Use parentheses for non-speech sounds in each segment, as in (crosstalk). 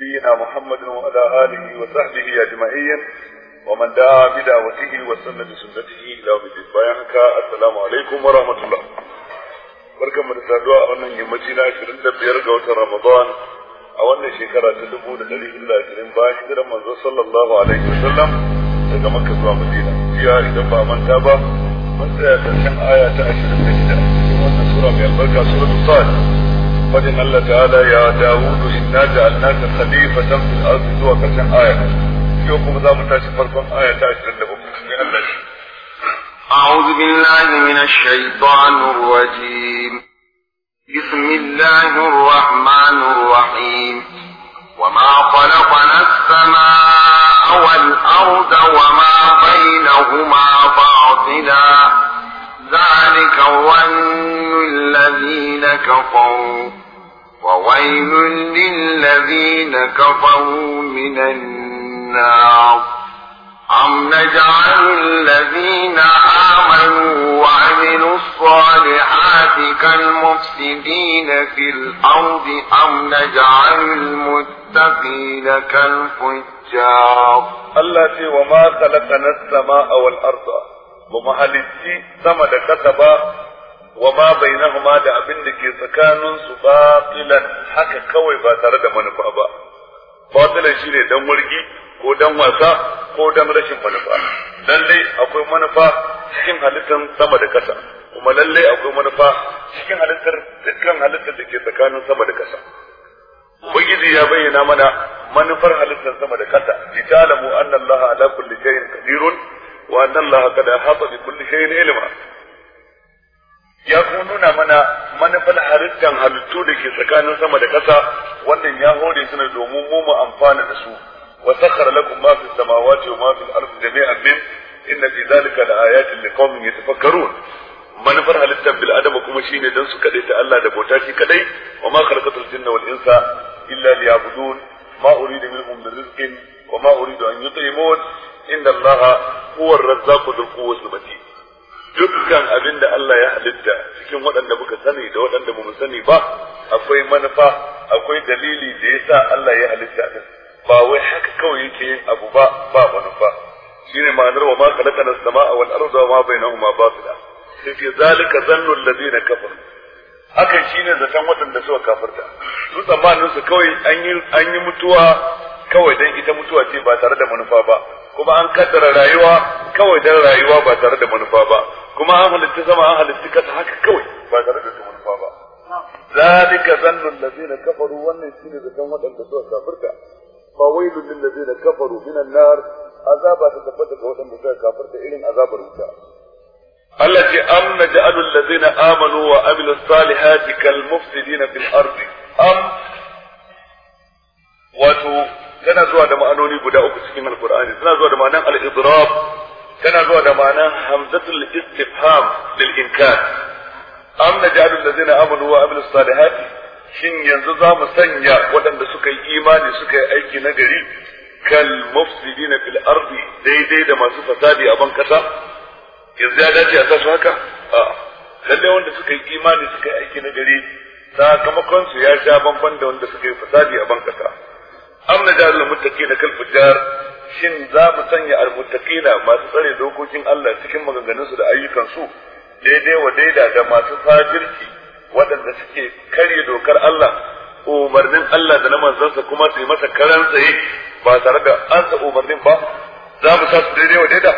نبينا محمد وعلى آله وصحبه أجمعين ومن دعا بدعوته وسن بسنته إلى يوم الدين السلام عليكم ورحمة الله barkan mu da saduwa a wannan yammaci na 25 ga watan Ramadan a wannan shekara ta 2020 bayan hijiran manzo sallallahu alaihi wasallam daga Makka zuwa Madina jiya idan ba manta ba mun tsaya karshen aya ta 26 cikin wannan sura mai albarka suratul Fatiha ان الله تعالى يا داوود إنا جعلناك خليفة في الأرض zuwa ƙarshen aya yau kuma za mu tashi farkon aya ta أعوذ بالله من الشيطان الرجيم بسم الله الرحمن الرحيم وما خلقنا السماء والأرض وما بينهما باطلا ذلك ظن الذين كفروا وويل للذين كفروا من النار أم نجعل الذين آمنوا وعملوا الصالحات كالمفسدين في الأرض أم نجعل المتقين كالفجار التي وما خلقنا السماء والأرض ومهلتي سمد كتبا wa ma bainahuma da abin da ke tsakanin su batilan haka kawai ba tare da manufa ba batilan shine dan murgi ko dan wasa ko dan rashin manufa lalle akwai manufa cikin halittar sama da kasa kuma lalle akwai manufa cikin halittar dukkan halittar da ke tsakanin sama da kasa ubangiji ya bayyana mana manufar halittar sama da kasa li ta'lamu anna allaha ala kulli shay'in qadirun wa anna allaha qad ahata bi kulli shay'in ilma ya kuma nuna mana manufar halittar halittu da ke tsakanin sama da ƙasa wannan ya hore suna domin mu mu amfana da su wa sakhara lakum ma fi samawati wa ma fi al-ardi jami'an min inna fi dhalika laayatin liqaumin yatafakkarun manufar halittar bil adama kuma shine dan su kadai ta Allah da bauta shi kadai wa ma khalaqatul jinna wal insa illa liya'budun ma uridu minhum min rizqin wa ma uridu an yut'imun inna Allah huwa ar-razzaqu dhul quwwati dukkan abin da Allah ya halitta cikin waɗanda muka sani da waɗanda ba mu sani ba akwai manufa akwai dalili da ya sa Allah ya halitta din ba wai haka kawai yake yin abu ba ba manufa shine ma'anar wa ma khalaqa as-samaa wal arda wa ma bainahuma batila fi zalika zannu alladheena kafaru hakan shine zaton waɗanda suka kafirta su tsammanin su kawai an yi an yi mutuwa kawai dan ita mutuwa ce ba tare da manufa ba kuma an kaddara rayuwa kawai dan rayuwa ba tare da manufa ba kuma an halitta sama an halitta kasa haka kawai ba tare da tumulfa ba zalika zannul ladina kafaru wannan shine da zaton waɗanda suka kafirta fa wailul lil ladina kafaru minan nar azaba ta tabbata ga waɗanda suka kafirta irin azabar wuta Allah ce am naj'alul ladina amanu wa amilus salihati kal mufsidina fil ardi am wato yana zuwa da ma'anoni guda uku cikin Al-Qur'ani, suna zuwa da ma'anan al-idrab tana zuwa da ma'anar hamzatul istifham lil inkar am najadu allazina amanu wa amilus salihat shin yanzu za mu sanya waɗanda suka yi imani suka yi aiki na gari kal mufsidina fil ardi daidai da masu fasadi a ban kasa yanzu ya dace a sa haka a lalle wanda suka yi imani suka yi aiki na gari sakamakon su ya sha bamban da wanda suka yi fasadi a ban kasa am najadu al muttaqina kal fujjar shin za mu sanya almuttaqina masu tsare dokokin Allah cikin maganganunsu da ayyukansu daidai wa daida da masu fajirci waɗanda suke karye dokar Allah umarnin Allah da na manzansa kuma su yi masa karan tsaye ba tare da an sa umarnin ba za mu sa su daidai wa daida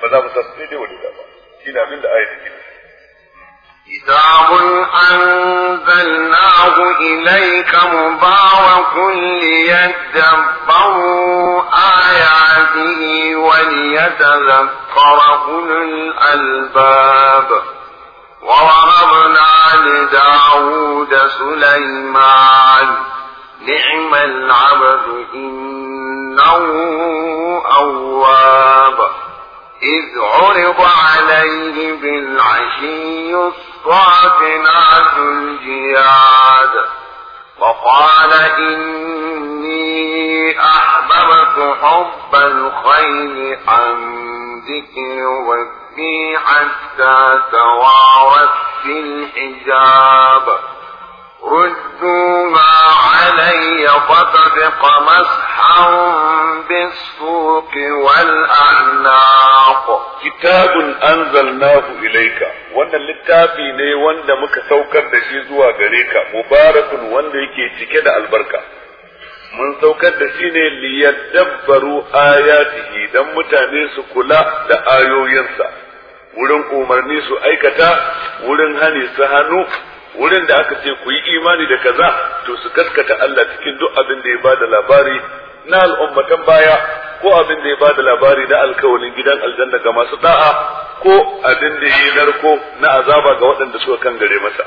ba za mu sa su daidai wa daida ba shi na abin da ayyukan كتاب أنزلناه إليك مبارك ليدبروا آياته وليتذكر أولو الألباب ووهبنا لداود سليمان نعم العبد إنه أواب إذ عرض عليه بالعشي الصافنات الجياد وقال إني أحببت حب الخير عن ذكر ربي حتى توارت في الحجاب ردوها علي فطبق مسحا بالسوق والأعناق كتاب أنزلناه إليك وأن littafi ne wanda muka saukar da shi zuwa gare ka mubarakun wanda yake cike da albarka mun saukar da shi ne liyar liyaddabbaru ayatihi dan mutane su kula da ayoyinsa wurin umarni su aikata wurin hani su hannu wurin da aka ce ku yi imani da kaza to su kaskata Allah cikin duk abin da ya bada labari na al'ummatan baya ko abin da ya bada labari na alkawalin gidan aljanna ga masu da'a ko abin da ya narko na azaba ga waɗanda suka kan gare masa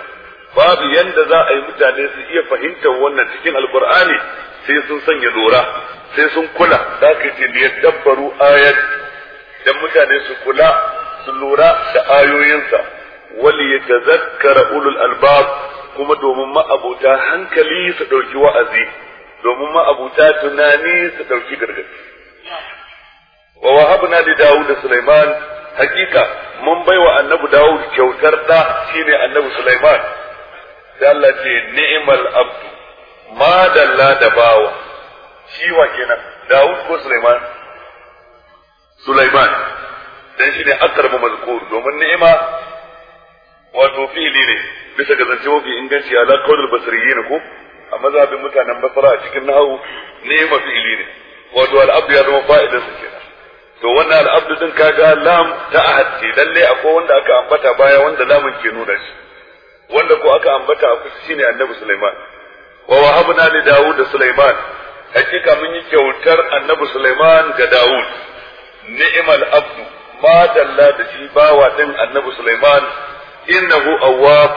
babu yanda za a yi mutane su iya fahimtar wannan cikin alkur'ani sai sun sanya lura sai sun kula da ka ce ne dabbaru ayat dan mutane su kula su lura da ayoyinsa wali yatazakkara ulul albab kuma domin ma'abuta hankali su dauki wa'azi domin ma'abuta tunani su dauki gargadi wa wahabna li daud da sulaiman hakika mun baiwa annabi daud kyautar da shine annabi sulaiman da Allah ce ni'mal abdu ma da bawa shi wa kenan daud ko sulaiman sulaiman dan shine akrabu mazkur domin ni'ima wato fi'ili ne bisa ga zance mafi inganci ala qaulul basriyin ko a mazhabin mutanen basra a cikin nahawu ne ma fi'ili ne wato al'abdu ya zama fa'idar sa kenan to wannan al'abdu din kaga lam ta ahadi lalle akwai wanda aka ambata baya wanda lamun ke nuna shi wanda ko aka ambata a kusa shine annabi Sulaiman wa wahabna li Dawud da Sulaiman hakika mun yi kyautar annabi Sulaiman ga Dawud ni'mal abdu ma dalla da shi bawa din annabi Sulaiman innahu awwab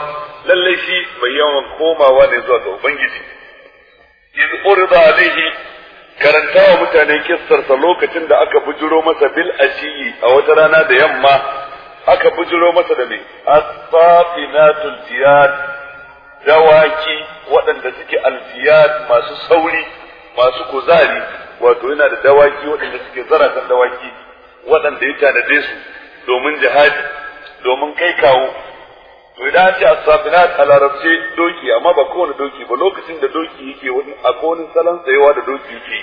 lalle shi mai yawan komawa ne zuwa ga ubangiji In urida alaihi karanta wa mutane sa lokacin da aka bujiro masa bil ashiyi a wata rana da yamma aka bujiro masa da me asfafinatul jiyad dawaki waɗanda suke aljiyad masu sauri masu kuzari wato yana da dawaki waɗanda suke zaratan dawaki waɗanda ya tanade su domin jihadi domin kai kawo to idan ce asafinat a larabce doki amma ba kowane doki ba lokacin da doki yake wani a kowane salon tsayawa da doki yake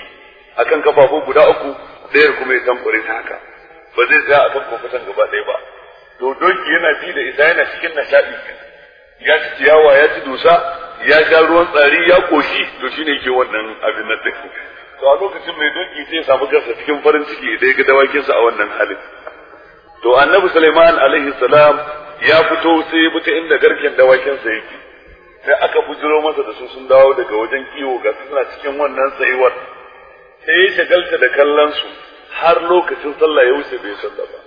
akan kafafu guda uku ɗayar kuma ya tamfure ta haka ba zai tsaya kan kofatan gaba ɗaya ba to doki yana ji da isa yana cikin nishaɗi ya ci ciyawa ya ci dusa ya sha ruwan tsari ya koshi to shine yake wannan abin na din to a lokacin mai doki sai ya samu kansa cikin farin ciki idan ya ga dawakinsa a wannan halin to annabi Sulaiman alaihi salam ya fito sai ya bi inda garken dawakin sa yake sai aka bujiro masa da su sun dawo daga wajen kiwo ga suna cikin wannan tsayuwar sai ya shagalta da kallon su har lokacin sallah ya wuce bai sallah ba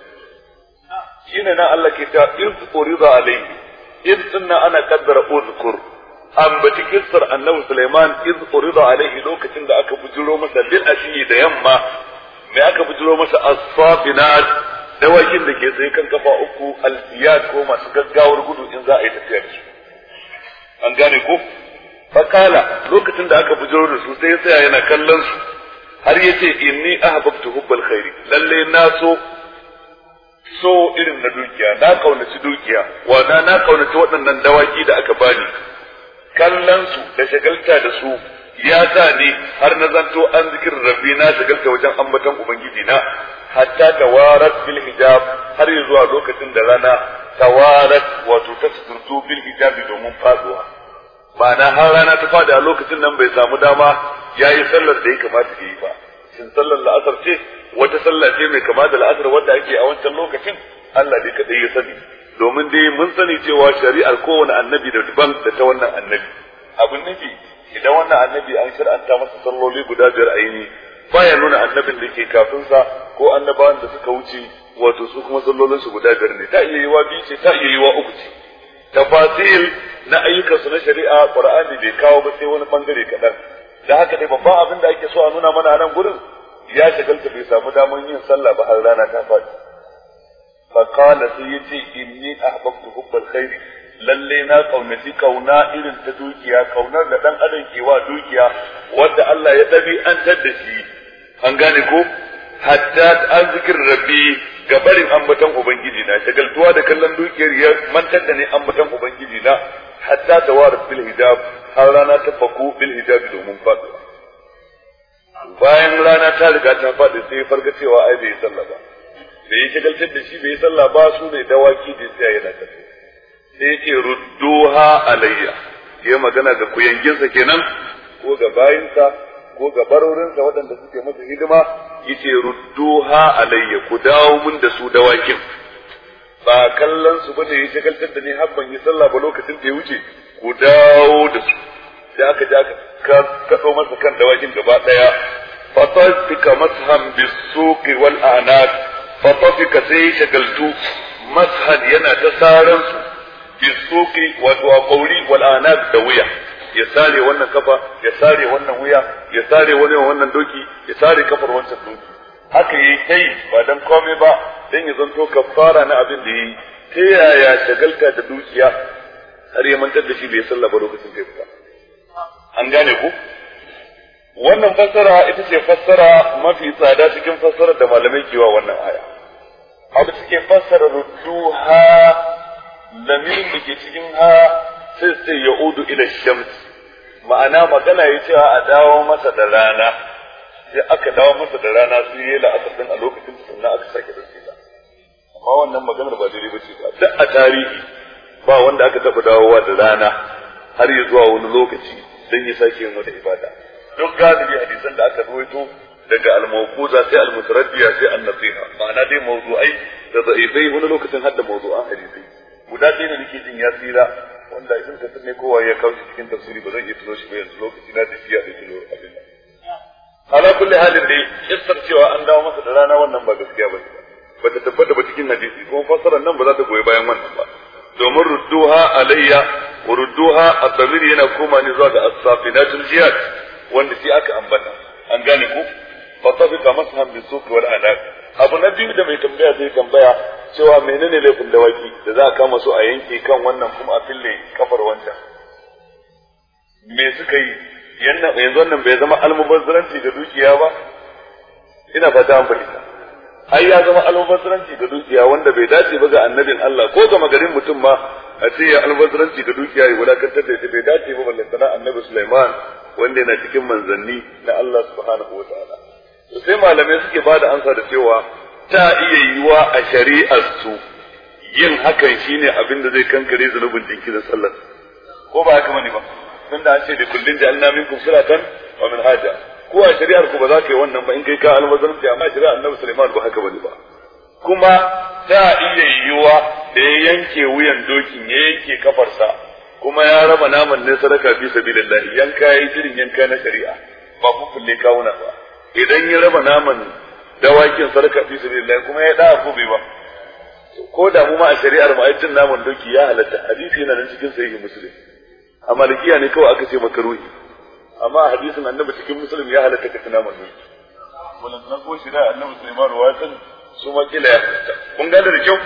shine nan Allah ke ta irqurida alayhi sunna ana qaddara uzkur ambaci kissar annabi Sulaiman iz urida alaihi lokacin da aka bujiro masa lil ashi da yamma mai aka bujiro masa asfafinat dawakin da ke tsaye kan kafa uku alfiyat ko masu gaggawar gudu in za a yi tafiya da su an gane ko fakala lokacin da aka bujiro da su sai ya tsaya yana kallon su har ya ce inni ahbabtu hubbal khairi lalle na so so irin na dukiya na kaunaci dukiya wana na kaunaci waɗannan dawaki da aka bani kallon su da shagalta da su ya sa ni har na zanto an zikirin rabbi na ta wajen ambatan ubangiji na hatta tawarat bil hijab har zuwa lokacin da rana tawarat wato ta suturtu bil hijabi domin faduwa na har rana ta fada a lokacin nan bai samu dama yayi sallar da ya kamata ya yi ba shin sallar la'asar ce wata sallah ce mai kama da la'asar wadda ake a wancan lokacin Allah ne kadai ya sani domin dai mun sani cewa shari'ar kowane annabi da daban da ta wannan annabi abin nake idan wannan annabi an shir'anta masa salloli guda biyar aini baya nuna annabin da ke kafin sa ko annabawan da suka wuce wato su kuma sallolin su guda biyar ne ta iya yiwa biyu ce ta iya yiwa uku ce tafasil na ayyukan su na shari'a qur'ani bai kawo ba sai wani bangare kadan da haka dai babban abin da ake so a nuna mana a nan gurin ya shagalta bai samu damar yin sallah ba har rana ta faɗi fa qala sayyidi yace inni ahbabtu hubbal khairi lalle na kaunaci kauna irin ta dukiya kaunar da dan adam ke wa dukiya wanda Allah ya dabi an tadda shi an gane ko hatta an zikir rabbi ga barin ambaton ubangiji na shagaltuwa da kallon dukiyar ya mantar da ne ambaton ubangiji na hatta tawar fil hijab har rana ta faku fil hijab domin fadu. bayan rana ta riga ta faɗi sai farga cewa ai bai sallah ba da yi shagaltar da shi bai sallah ba su ne dawaki da sai yana tafiya sai ce rudduha alayya ya magana ga kuyanginsa kenan ko ga bayinsa ko ga barorinsa waɗanda suke masa hidima yace rudduha alayya ku dawo mun da su dawakin ba kallon su bane ya shagaltar da ni har ban yi sallah ba lokacin da ya wuce ku dawo da su sai aka ja ka so masa kan dawakin gaba daya fatasika masham bisuqi wal anaq sai shagaltu mashan yana ta saran su fi suqi wato a kauri wal da wuya ya sare wannan kafa ya sare wannan wuya ya sare wani wannan doki ya sare kafar wancan doki haka yi kai ba dan komai ba dan ya zanto kafara na abin da yi ta yaya shagalta da dukiya har ya mantar da shi bai sallah ba lokacin da ya an gane ku wannan fassara ita ce fassara mafi tsada cikin fassarar da malamai ke wa wannan aya abu suke fassara rudduha lamirin da ke cikin ha sai sai ya udu ila shamsi ma'ana magana ya cewa a dawo masa da rana sai aka dawo masa da rana ya yi aka san a lokacin sannan aka sake da shi amma wannan maganar ba daidai ce ba duk a tarihi ba wanda aka taɓa dawowa da rana har ya zuwa wani lokaci don ya sake yin wata ibada duk galibi hadisan da aka ruwaito daga al-mawquza sai al-mutaraddiya sai an-nasiha ma'ana dai mawdu'ai da da'ifai wani lokacin hadda mawdu'an hadisi guda ɗaya da nake jin ya tsira wanda idan ka ne kowa ya kawo cikin tafsiri ba zan iya tuzo shi ba yanzu lokaci na tafiya da tuno abin nan ala kulli halin dai kissar cewa an dawo masa da rana wannan ba gaskiya ba ba ta tabbata ba cikin hadisi kuma fassarar nan ba za ta goyi bayan wannan ba domin rudduha alayya wa rudduha at yana koma ne zuwa ga as-safinatul jihad wanda shi aka ambata an gane ku. fatabika mashan bisuq wal anaq abu na biyu da mai tambaya zai tambaya cewa menene laifin dawaki da za a kama su a yanke kan wannan kuma a fille kafar wancan me suka yi yanzu wannan bai zama almubazzaranci da dukiya ba ina ba an fahimta ai ya zama almubazzaranci da dukiya wanda bai dace ba ga annabin Allah ko ga magarin mutum ma a ce ya almubazzaranci da dukiya ya wulakantar da shi bai dace ba sana annabi Sulaiman wanda yana cikin manzanni na Allah subhanahu wataala sai malamai suke ba da ansa da cewa ta iya yiwa a shari'ar su yin hakan shine abin da zai kankare zunubin jinkirin sallar ko ba haka bane ba tun da an ce da kullum da ja'alna kun suratan wa min haja ko a shari'ar ku ba za ka yi wannan ba in kai ka almazanci amma shari'ar Annabi Sulaiman ba haka bane ba kuma ta iya yiwa da ya yanke wuyan dokin ya yanke kafarsa kuma ya raba naman ne sadaka fi sabilillah yanka yayi jirin yanka na shari'a ba kulle kawuna ba idan ya raba naman dawakin sadaka fi sabilillah kuma ya da ko bai ba ko da mu ma a shari'ar mu aitin naman doki ya halatta hadisi yana nan cikin sahihi muslim a malikiya ne kawai aka ce makaruhi amma a hadisin annabi cikin muslim ya halatta ka naman doki wannan na ko da annabi Sulaiman wa san su ma kila ya halatta kun gane da kyau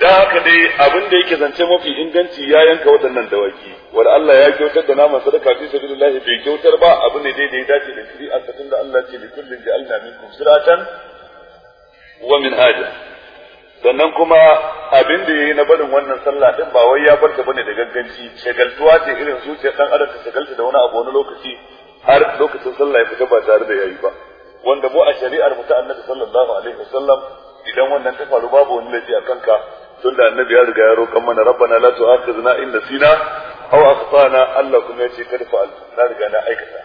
da haka dai abin da yake zance mafi inganci ya yanka waɗannan dawaki wanda Allah ya kyautar da naman sadaka fi sabilillahi bai kyautar ba abin ne dai da ya dace da a tunda Allah ce da Allah min minkum siratan wa minhaja sannan kuma abin da yayi na barin wannan sallah din ba wai ya bar ta bane da ganganci. shagaltuwa ce irin zuciyar dan adam ta shagalta da wani abu wani lokaci har lokacin sallah ya fita ba tare da yayi ba wanda mu a shari'ar mu ta annabi sallallahu alaihi wasallam idan wannan ta faru babu wani laifi a kanka Tun da annabi ya riga ya roƙan mana rabbana la tu'akhizna in nasina aw akhtana Allah kuma yace kada fa na riga na aikata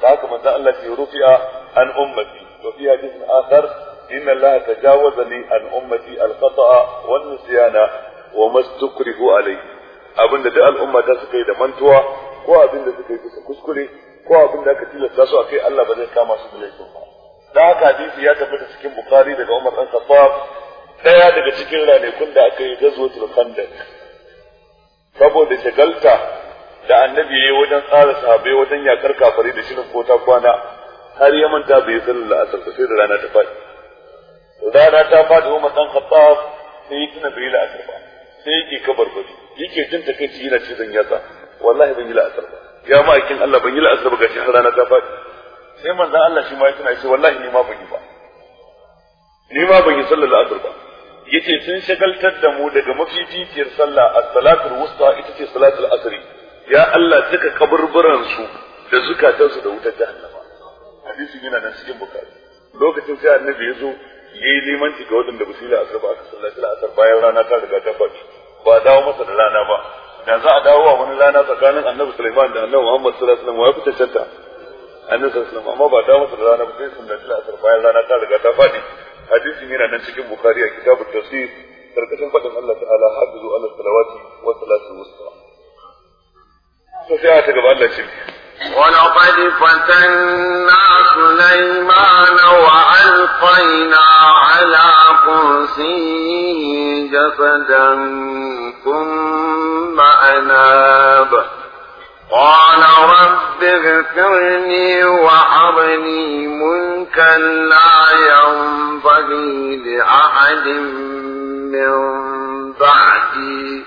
ta haka manzo Allah ya rufi'a an ummati wa fi hadithin akhar inna Allah tajawaza li an ummati al-khata'a wan nisyana wa mastukrihu alayhi abinda da al'umma ta suka yi da mantuwa ko abinda suka yi da kuskure ko abinda aka tilasta su akai Allah ba zai kama su da laifin ba da haka hadisi ya tabbata cikin Bukhari daga Umar dan Khattab ɗaya daga cikin ranakun da aka yi gazwatul khandaq saboda shagalta da annabi yayi wajen tsara sahabbai wajen yakar kafari da shirin ko ta kwana har ya manta bai yi sallar la'asar sai da rana ta faɗi rana ta faɗi Umar dan Khattab sai tuna bai yi la'asar ba sai yake kabar gudu yake jin takeici yana ce zan yasa wallahi ban yi la'asar ba ya ma'aikin Allah ban yi la'asar ba gashi har rana ta faɗi sai manzon Allah shi ma ya tuna ce wallahi ni ma ban yi ba ni ma ban yi sallar la'asar ba yace sun shagaltar da mu daga mafificiyar sallah as-salatul wusta ita ce salatul asri ya Allah cika kaburburan su da zukatan su da wutar jahannama hadisin yana nan cikin bukari lokacin sai annabi ya zo yayi limanci ga wadanda ba su yi ba aka sallaci la'asar bayan rana ta riga ta faɗi ba dawo masa da rana ba da za a dawo wa wani rana tsakanin annabi Sulaiman da annabi Muhammad sallallahu alaihi wasallam ya fita canta annabi sallallahu alaihi wasallam amma ba dawo masa da rana ba sai da asar bayan rana ta riga ta faɗi hadisin yana nan cikin bukhari a kitabut tafsir karkashin fadin Allah ta'ala hafizu ala salawati wa salatu wusta to sai ta tagaba Allah ce ولقد فتنا سليمان وألقينا على كرسيه جسدا ثم أناب قال رب اغفرني وحرني ملكا لا ينبغي لأحد من بعدي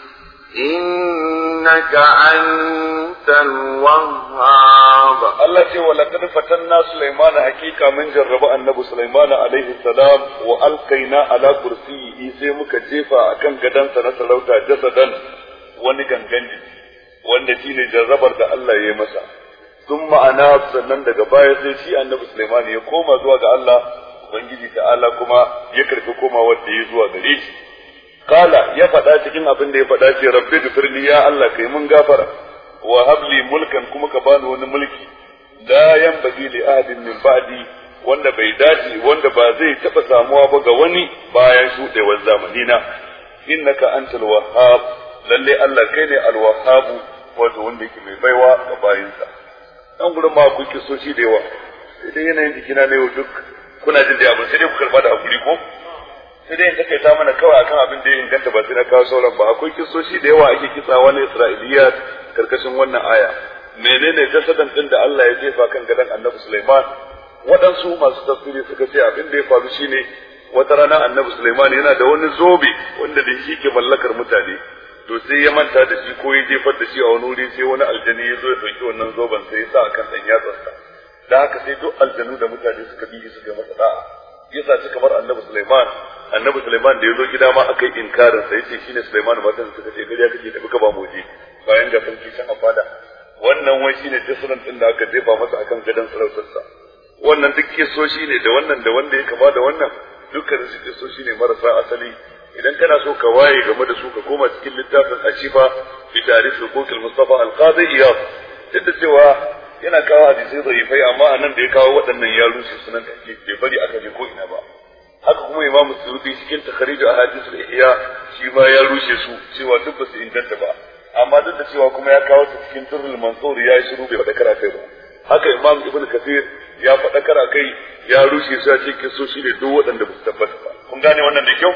إنك أنت الوهاب الله تعالى ولقد فتنا سليمان حقيقة من جرب النبي سليمان عليه السلام وألقينا على كرسيه سيمك جيفا أكن قدن سنة جسدا ونقن جنجي wanda shi ne jarrabar da Allah ya yi masa sun ma'ana sannan daga baya sai shi annabi Suleiman ya koma zuwa ga Allah ubangiji ta'ala kuma ya karfi koma wanda ya zuwa gare shi kala ya faɗa cikin abin da ya faɗa ce rabbi firni, ya Allah kai mun gafara wa habli mulkan kuma ka bani wani mulki yan yanbaghi li ahadin min ba'di wanda bai dace wanda ba zai taba samuwa ba ga wani bayan shuɗewar zamanina ka antal wahhab lalle Allah kai ne alwahabu wato wanda yake mai baiwa ga bayinsa dan gurin ma kuke so shi da yawa sai dai yanayin jikina ne duk kuna jin da abin sai dai ku karba da hakuri ko sai dai in take ta mana kawai akan abin da ya inganta ba sai na kawo sauran ba akwai shi da yawa ake kisa wani Isra'iliya karkashin wannan aya menene jasadan din da Allah ya jefa kan gadan Annabi Sulaiman waɗansu masu tafsiri suka ce abin da ya faru shine wata rana Annabi Sulaiman yana da wani zobe wanda da shi ke mallakar mutane to sai ya manta da shi ko ya jefar da shi a wani wuri sai wani aljani ya zo ya ɗauki wannan zoben sai ya sa kan ɗan yatsarsa da haka sai duk aljanu da mutane suka bi ga masa da'a ya sa kamar bar annabi Sulaiman annabi Sulaiman da ya zo gida ma aka yi inkarin sa yace shine Sulaiman matan suka ce gari kake tafi ka ba mu bayan da sun can a wannan wai shine jisran din da aka jefa masa akan gadon sarautarsa wannan duk kisoshi ne da wannan da wanda ya kama da wannan dukkan su kisoshi ne marasa asali idan kana so ka waye game da su ka koma cikin littafin ashifa bi tarikh hukukul mustafa al-qadi iyad duk da cewa yana kawo hadisai dhaifai amma anan da ya kawo waɗannan ya rushe sunan take bai bari aka je ko ina ba haka kuma imam suyuti cikin takhrij ahadith al-ihya shi ma ya rushe su cewa duk ba su inganta ba amma duk da cewa kuma ya kawo su cikin turul mansur ya shiru bai faɗa kara kai ba haka imam ibnu kathir ya faɗa kara kai ya rushe su ya ce kisoshi ne duk waɗanda ba su tabbata ba kun gane wannan da kyau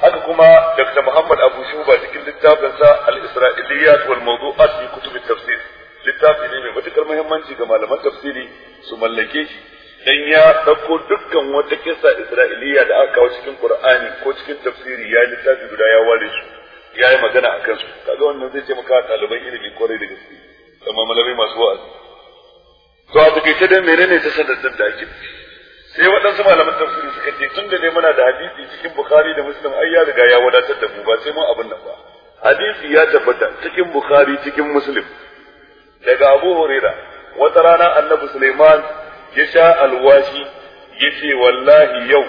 haka kuma Dr. Muhammad Abu Shuba cikin littafinsa Al-Isra'iliyat wal Mawdu'at fi Kutub tafsir littafi ne mai matukar muhimmanci ga malaman tafsiri su mallake shi dan ya dauko dukkan wata kissa Isra'iliya da aka kawo cikin Qur'ani ko cikin tafsiri ya littafi guda ya ware su ya yi magana a kansu kaga wannan zai taimaka wa ɗaliban ilimi kwarai da gaske da malamai masu wa'azi to a takaice dai menene ta sanadin da ake sai waɗansu malaman tafsiri suka ce tun da dai muna da hadisi cikin bukhari da muslim ai ya riga ya wadatar da mu ba sai mun abin nan ba hadisi ya tabbata cikin bukhari cikin muslim daga abu hurira wata rana annabi suleiman ya sha alwashi ya ce wallahi yau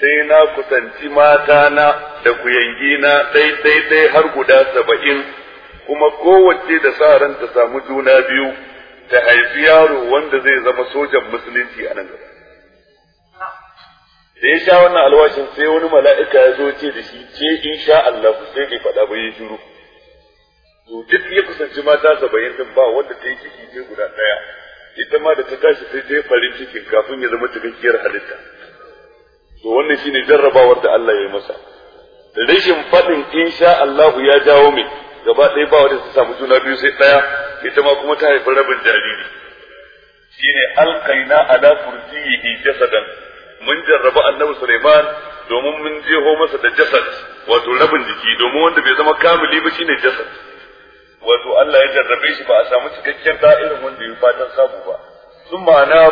sai na kusanci mata na da kuyangina dai-dai-dai har guda saba'in kuma kowace da sa ran ta samu juna biyu ta haifi yaro wanda zai zama sojan musulunci a nan gaba da ya sha wannan alwashin sai wani mala'ika ya zo ce da shi ce in sha Allah sai bai faɗa ba ya shiru to duk ya kusanci mata saba'in din ba wanda ta yi ciki ce guda ɗaya ita ma da ta tashi sai ta yi farin cikin kafin ya zama cikakkiyar halitta to wannan ne jarrabawar da Allah ya yi masa Da rashin faɗin in sha Allah ya jawo mai gaba ɗaya ba wanda ta samu juna biyu sai ɗaya ita ma kuma ta haifi rabin jariri shine alkaina ala furjihi jasadan mun jarraba annabi Sulaiman domin mun jeho masa da jasad wato rabin jiki domin wanda bai zama kamili ba shine jasad wato Allah ya jarrabe shi ba a samu cikakken da'irin wanda ya fatan samu ba sun ma'ana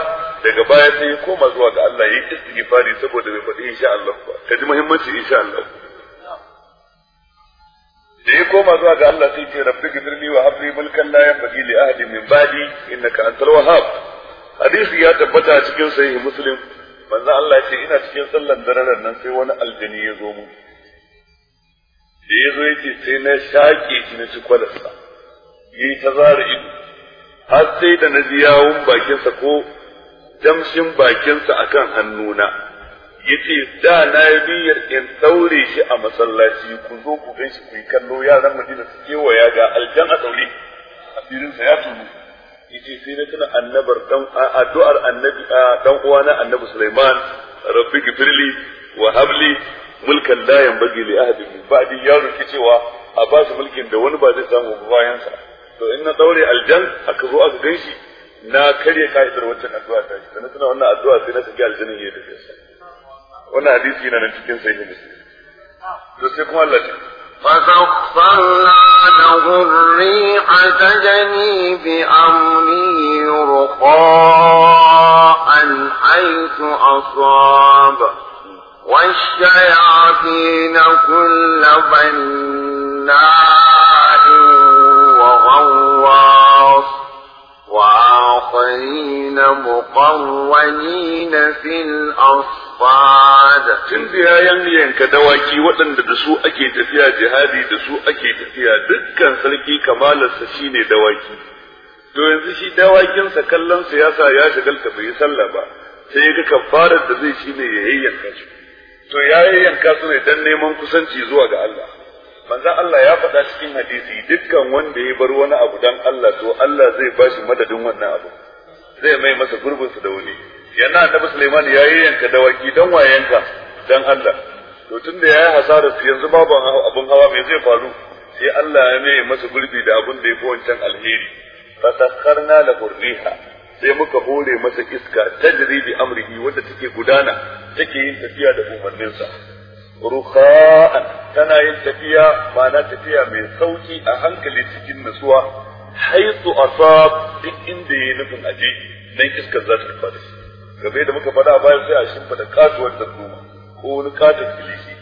daga baya sai ya koma zuwa ga Allah ya istighfari saboda bai faɗi insha Allah ba ka ji muhimmanci insha Allah da ya koma zuwa ga Allah sai ce rabbi gifirli wa habli mulkan la yanbaghi li ahadin min ba'di innaka antal wahhab hadisi ya tabbata cikin sahih muslim manzo Allah ce ina cikin sallan dararar nan sai wani aljani ya zo mu da ya zo ya ce sai na shaƙe shi na ci kwalarsa ya yi ta zara ido har sai da na ji yawun bakinsa ko damshin bakinsa akan hannuna ya ce da na yi niyyar in ɗaure shi a masallaci ku zo ku gan shi ku yi kallo yaran madina su kewaya ga aljan a ɗaure a filinsa ya tunu yace sai na tuna annabar dan addu'ar annabi dan na annabi Sulaiman rabbi gifirli wa habli mulkan la yanbaghi li ahadin min ba'di ya roki cewa a ba su mulkin da wani ba zai samu bayan sa to in na daure aljan aka zo aka ganshi na karya ka'idar wancan addu'a ta shi na tuna wannan addu'a sai na saki aljanin ya tafi wannan hadisi yana nan cikin sahihin muslim to sai kuma Allah فسخرنا له الريح تجني بأمره رخاء حيث أصاب والشياطين كل بناء وغواص وآخرين مقرنين في الأصفاد tun da yayan كدواكي dawaki waɗanda da su ake tafiya jihadi da su ake tafiya dukkan sarki kamalarsa shine dawaki to yanzu shi dawakinsa kallon siyasa ya shagalta bai sallah ba sai ya ga kafarar da zai shine ya yayyanka su to ya yayyanka su ne dan neman kusanci zuwa ga Allah manzan Allah ya faɗa cikin hadisi dukkan wanda ya bar wani abu dan Allah to Allah zai bashi madadin wannan abu zai mai masa gurbinsa da wani yana annabi Sulaiman ya yi yanka dawaki dan wayanka dan Allah to tunda yayi hasara su yanzu babu abun hawa mai zai faru sai Allah ya mai masa gurbi da abun da ya fi wancan alheri fatakkarna la riha sai muka hore masa iska tajri bi amrihi wanda take gudana take yin tafiya da umarninsa rukha'an tana yin tafiya ma'ana tafiya mai sauki a hankali cikin nutsuwa haitu asab duk inda ya nufin aje dan iskar za ta fada gabe da muka fada bayan sai a shimfida katuwar darduma ko wani katon kilishi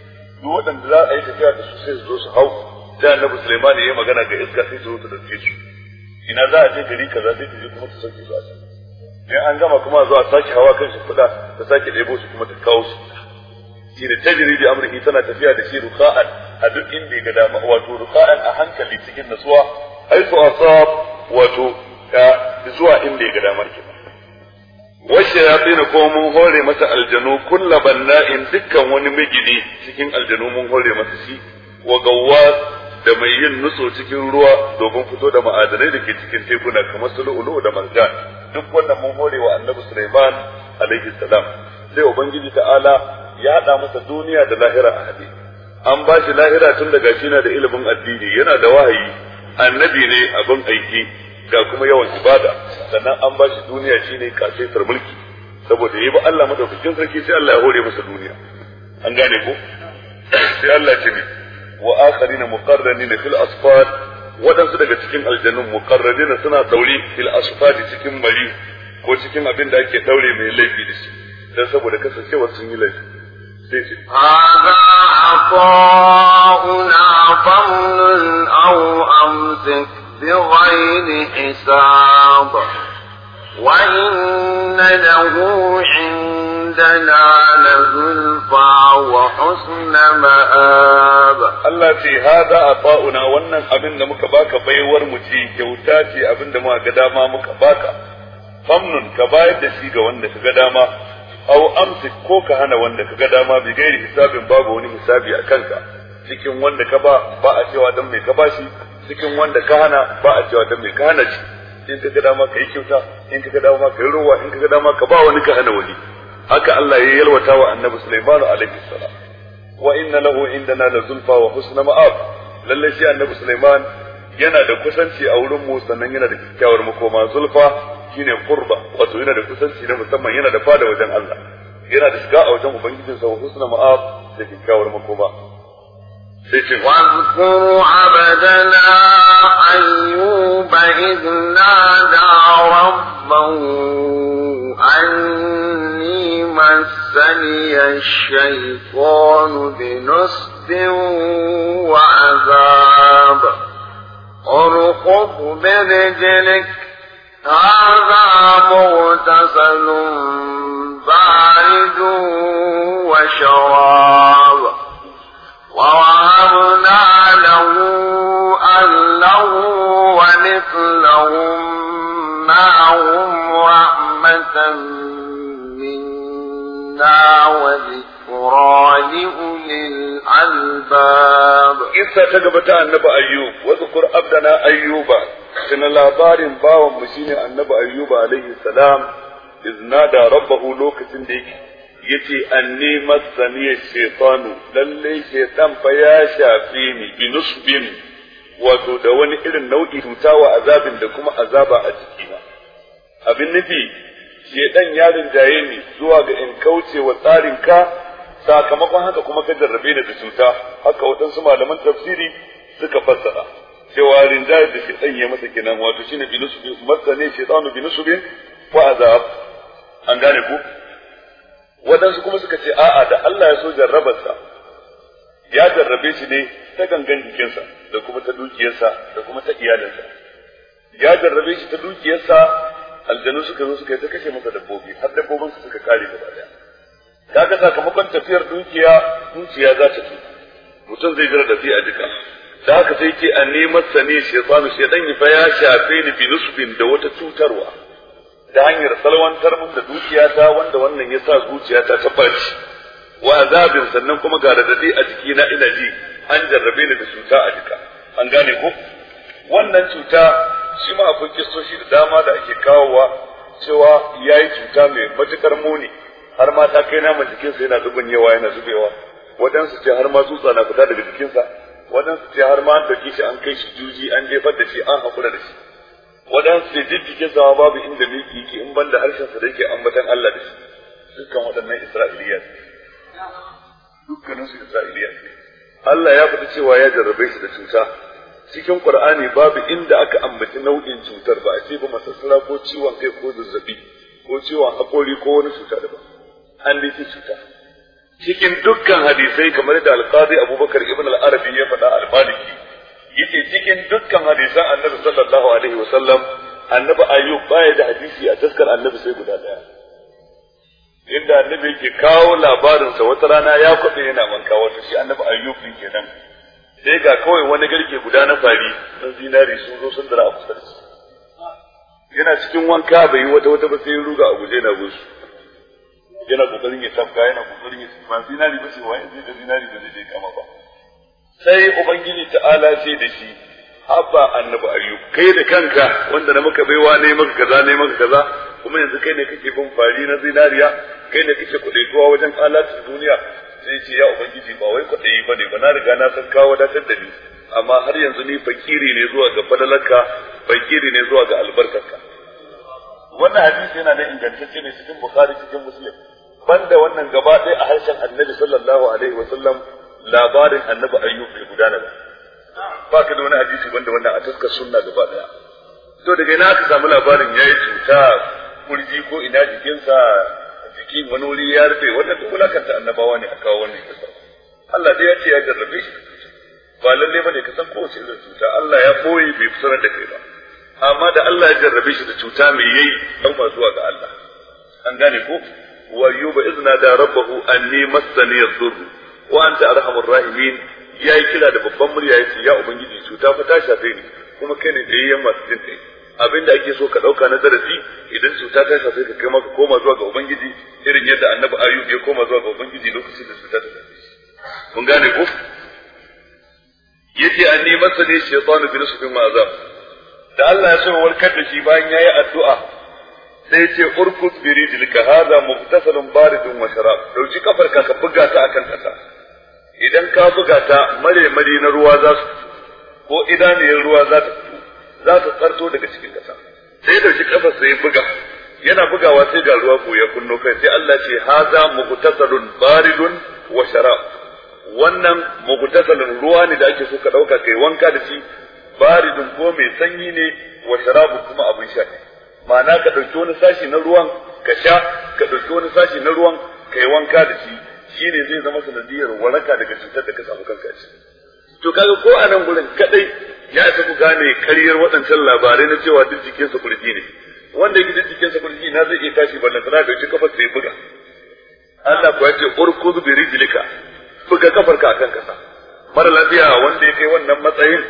duk waɗanda za a yi tafiya da su sai su zo su hau da annabi Sulaiman ya yi magana ga iska sai su zo ta dauke su ina za a je gari kaza sai ta je kuma ta sauke su a can an gama kuma zuwa sake hawa kan shimfiɗa ta sake ɗebo su kuma ta kawo su shi da tajiri bi amrihi tana tafiya da shi ruka'an a duk inda ga dama wato ruka'an a hankali cikin nasuwa haitu asab wato zuwa inda ga dama ke washe ya tsina ko mun hore masa aljanu kulla banna'in dukkan wani magidi cikin aljanu mun hore masa shi wa gawwas da mai yin nutso cikin ruwa domin fito da ma'adanai da ke cikin tekuna kamar su lu'ulu da marjan duk wannan mun hore wa annabi Sulaiman alaihi salam sai ubangiji ta'ala ya haɗa masa duniya da lahira a haɗe an ba shi lahira tun daga shi na da ilimin addini yana da wahayi annabi ne abin aiki ga kuma yawan ibada sannan an ba shi duniya shi ne kasaitar mulki saboda yi ba Allah madaukakin sarki sai Allah ya hore masa duniya an gane ko sai Allah ce ne wa akharina muqarranin fil asfar wadansu daga cikin aljannun muqarranin suna daure fil asfar cikin mari ko cikin abin da ake daure mai laifi da shi dan saboda kasancewa sun yi laifi هذا عطاؤنا فمن أو أمسك بغير حساب وإن له عندنا لزلفى وحسن مآب Allah ce hada a fa'una wannan abin da muka baka baiwar mu ce kyauta ce abin da muka ga dama muka famnun ka baya da shi ga wanda ka ga dama aw amsik ko ka hana wanda kaga dama bi gairi hisabin babu wani hisabi a kanka cikin wanda ka ba ba a cewa dan mai ka bashi cikin wanda ka hana ba a cewa dan mai ka hana shi in ka ga dama ka yi kyauta in ka ga dama ka yi ruwa in ka ga dama ka ba wani ka hana wani haka Allah ya yalwata wa annabi Sulaiman alaihi salam wa inna lahu indana la zulfa wa husna ma'ab lalle shi annabi Sulaiman yana da kusanci a wurin mu sannan yana da kyakkyawar makoma zulfa shine qurba wato yana da kusanci na musamman yana da fada wajen Allah yana da shiga a wajen ubangijin sa husna ma'ab da kikkawar makoma sai ce wa zkuru abadana ayyuba idna da rabbahu anni masani ash-shaytanu binusbin ارقب برجلك هذا مغتسل بارد وشراب ووهبنا له أهله ومثلهم معهم رحمة منا وذكر الذكرى لأولي الألباب إذا تقبت النبى أيوب واذكر أبدنا أيوب كان labarin bawan mu shine annabi ayyuba alaihi salam izna da rabbahu lokacin da yake yace anni masaniya shaytanu lalle shaytan fa ya shafe ni binusbin wato da wani irin nau'i tutawa azabin da kuma azaba a cikina abin nufi shedan ya rinjaye ni zuwa ga in kauce wa ka. sakamakon haka kuma ka jarrabe ni da cuta haka waɗansu malaman tafsiri suka fassara cewa rinjayar da shaitan ya masa kenan wato shine bi nusubi masa ne shaitanu bi nusubin wa azab an gane ku waɗansu kuma suka ce a'a da Allah ya so jarrabarsa ya jarrabe shi ne ta gangan jikinsa da kuma ta dukiyarsa da kuma ta iyalinsa ya jarrabe shi ta dukiyarsa aljanu suka zo suka yi ta kashe masa dabbobi har dabbobinsa suka kare gaba daya kaga sakamakon tafiyar dukiya dukiya za ta ci mutum zai jira da a jika da haka sai ke a neman sa ne ya shaytan fa ya shafe ni bi nusufin da wata cutarwa Da hanyar salwantar mun da dukiyata wanda wannan ya sa zuciyata ta baci wa azabin sannan kuma ga radadi a jikina ina ji an jarrabe ni da cuta a jika an gane ko wannan cuta shi ma akwai kistoshi da dama da ake kawowa cewa ya yi cuta mai matukar muni har ma ta kai naman jikinsa yana yawa yana zubewa waɗansu ce har ma tsutsa na fita daga jikinsa waɗansu ce har ma an ɗauke shi an kai shi juji an jefar da shi an haƙura da shi waɗansu ce duk jikinsa ma babu inda miki yake in banda harshensa da yake ambatan Allah da shi dukkan waɗannan Isra'iliya dukkaninsu Isra'iliya Allah ya fita cewa ya jarrabe shi da cuta cikin Qur'ani babu inda aka ambaci nau'in cutar ba a ce ba masassara ko ciwon kai ko zazzabi ko ciwon haƙori ko wani cuta da ba. an dai cuta cikin dukkan hadisai kamar da alqadi abubakar ibn al-arabi ya faɗa al-maliki yace cikin dukkan hadisan annabi sallallahu alaihi wa sallam, annabi ayyub baya da hadisi a taskar annabi sai guda daya inda annabi yake kawo sa wata rana ya kwaɗe yana manka wata shi annabi ayyub din kenan sai ga kawai wani garke guda na fari na zinari sun zo sun dara a kusa da shi yana cikin wanka bai yi wata wata ba sai ruga a guje na gusu yana kokarin ya tafka yana kokarin ya ba zinari ba shi wa yanzu da zinari ba zai je kama ba sai ubangiji ta'ala sai da shi abba annabi ayyub kai da kanka wanda na maka baiwa ne maka kaza ne maka kaza kuma yanzu kai ne kake bin fari na zinariya kai ne kake zuwa wajen alatin duniya sai ce ya ubangiji ba wai kwadayi ba ne ba na riga na san kawo wadatar da ni amma har yanzu ni fakiri ne zuwa ga fadalarka fakiri ne zuwa ga albarkarka wannan hadisi yana da ingantacce ne cikin bukhari cikin muslim banda wannan gaba ɗaya a harshen annabi sallallahu alaihi wasallam labarin annabi ayyub bai gudana ba ba ka da wani hadisi banda wannan a taskar sunna gaba ɗaya to daga ina aka samu labarin ya yi cuta kurji ko ina jikinsa jiki wani wuri ya rufe wannan duk kanta annabawa ne a kawo wannan kisa Allah dai ya ce ya jarrabe shi ba lalle bane ka san kowace irin cuta Allah ya koyi bai fusarar da kai ba amma da Allah ya jarrabe shi da cuta mai yayi dan zuwa ga Allah an gane ko وأيوب إذ نادى ربه أني مسني الضر وأنت أرحم الراحمين ya yi kira da babban murya ya ce ya ubangiji cuta fa ta shafe kuma kai ne da yayyan masu jin kai abinda ake so ka ɗauka na darasi idan cuta ta shafe ka kai maka koma zuwa ga ubangiji irin yadda annabi ayub ya koma zuwa ga ubangiji lokacin da cuta ta shafe kun gane ko yace anni masani shaytanu bi nusbin ma'azab da Allah ya so warkar da shi bayan yayi addu'a sai ce urkut bi rijlika hada mubtasalun baridun wa sharab dauki kafar ka ka buga ta akan kasa idan ka buga ta mare mare na ruwa za su ko idaniyar ruwa za ta fito za ta tsarto daga cikin kasa sai dauki kafar sai buga yana bugawa sai ga ruwa ko ya kunno kai sai Allah ce hada mubtasalun baridun wa sharab wannan mubtasalun ruwa ne da ake so ka dauka kai wanka da shi baridun ko mai sanyi ne wa sharabu kuma abin sha ne ma'ana ka ɗauki wani sashi na ruwan ka sha ka ɗauki wani sashi na ruwan ka yi wanka da shi shi ne zai zama sanadiyar waraka daga cutar da ka samu kanka ci to kaga ko a nan gurin kadai ya isa ku gane karyar waɗancan labarai na cewa duk jikinsa kurji ne wanda yake duk jikinsa kurji na zai iya tashi ballan sana da ci kafar sai buga Allah ku yace urkuzu bi rijlika buga kafar ka akan kasa mara lafiya wanda ya kai wannan matsayin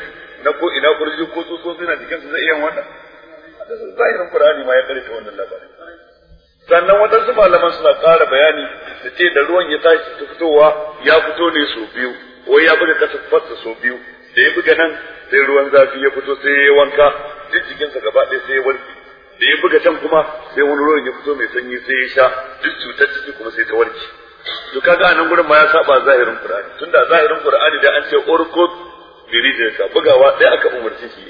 na ko ina kurji ko tsotso suna jikinsa zai iya wannan zahirin Kur'ani ma ya karfe wannan labarin sannan waɗansu malaman suna ƙara bayani da ce da ruwan ya tashi ta fitowa ya fito ne sau biyu wai ya buga kasa fasa sau biyu da ya buga nan sai ruwan zafi ya fito sai ya wanka duk jikinsa gaba ɗaya sai ya warke da ya buga can kuma sai wani ruwan ya fito mai sanyi sai ya sha duk cutar ciki kuma sai ta warke to kaga anan gurin ma ya saba zahirin Qur'ani tunda zahirin kur'ani da an ce urkut birijinsa bugawa ɗaya aka umarci shi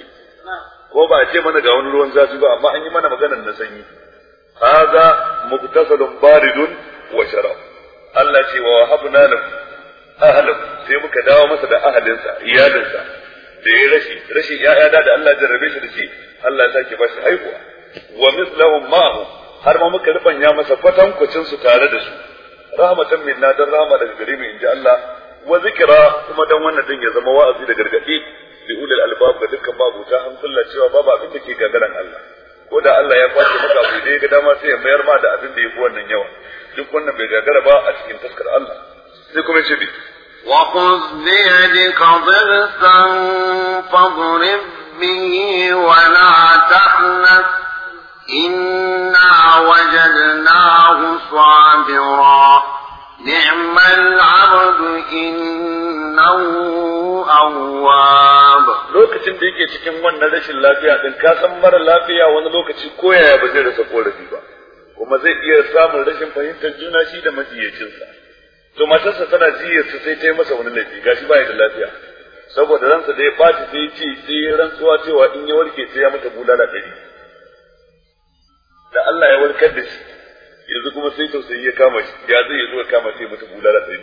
ko ba a ce mana ga wani ruwan zafi ba amma an yi mana maganar na sanyi hadha mugtasalun baridun wa sharab Allah ce wa wahabna lahu ahlahu sai muka dawo masa da ahalinsa iyalinsa da ya rashi ya ya'ya da Allah jarrabe shi da shi Allah ya sake bashi haihuwa wa mislahum ma'ahu har ma muka rubanya masa kucin su tare da su rahmatan minna dan rahma daga gare mu inji Allah wa zikira kuma dan wannan din ya zama wa'azi da gargadi li ulil albab da dukkan mabuta hamsulla cewa babu abin da ke gagaran Allah ko da Allah ya kwace maka abu dai ga dama sai ya mayar ma da abin da ya fi wannan yawa duk wannan bai gagara ba a cikin taskar Allah sai kuma ce bi وخذ بيدك ضغثا فاضرب به ولا تحنث إنا وجدناه صابرا نعم العبد إنه أواب lokacin da yake cikin wannan rashin lafiya din kasan mara lafiya wani lokaci koyaya ba zai rasa korafi ba kuma zai iya samun rashin fahimtar juna shi da majiyacinsa to matarsa tana jiyarsa sai ta yi masa wani laifi gashi ba ya da lafiya saboda ransa da ya ɓaci sai ce sai rantsuwa cewa in ya warke sai ya mata bulala ɗari da Allah ya warkar da shi yanzu kuma sai tausayi ya kama shi ya zai ya ya kama sai mata bulala ta yi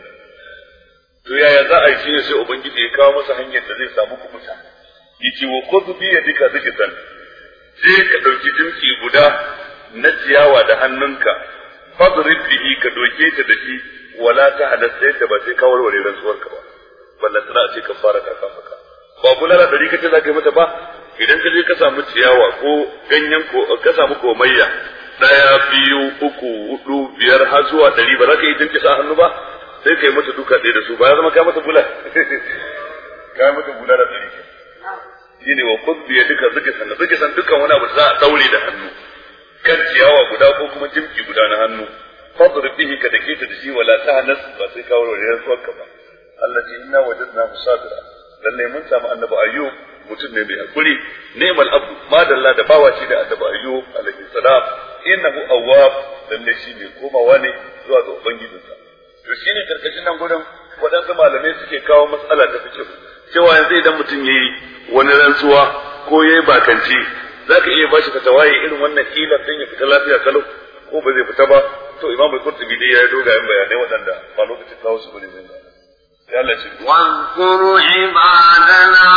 to yaya za a yi shine sai ubangiji ya kawo masa hanyar da zai samu kubuta yace wa khudh bi yadika san. Je ka dauki dinki guda na ciyawa da hannunka fadrib bihi ka doke ta da shi wala ta halatta yadda ba sai ka warware rantsuwarka ba ballan a ce ka fara ka kafa ka ba bulala dari kace za ka yi mata ba idan ka je ka samu ciyawa ko ganyen ko ka samu komayya daya biyu uku hudu biyar har zuwa ɗari ba za ka yi sa hannu ba sai ka yi mata duka ɗaya da su ba ya zama kai mata bula (laughs) kai mata bula da ɗari shi ne wa kudu ya duka zikisan zuke san dukkan wani abu za a ɗaure da hannu kan ciyawa guda ko kuma jinki guda na hannu fadr bihi ka dake ta da shi wala tahnas ba sai ka warware rantsuwarka ba Allah ji inna wajadna musabira lalle mun samu annabi ayyub mutum ne mai hakuri Nemal abdu madalla da bawa shi da annabi ayyub alaihi salam innahu awwab lalle shi ne komawa ne zuwa ga ubangijinsa to shine karkashin nan gurin waɗansu malamai suke kawo matsala ta fice cewa yanzu idan mutum yayi wani rantsuwa ko yayi bakanci zaka iya bashi fatawaye irin wannan kila sai ya fita lafiya kalau ko ba zai fita ba to imamu kurtubi dai ya yi dogayen bayanai wadanda ba lokacin kawo su bane واذكر عبادنا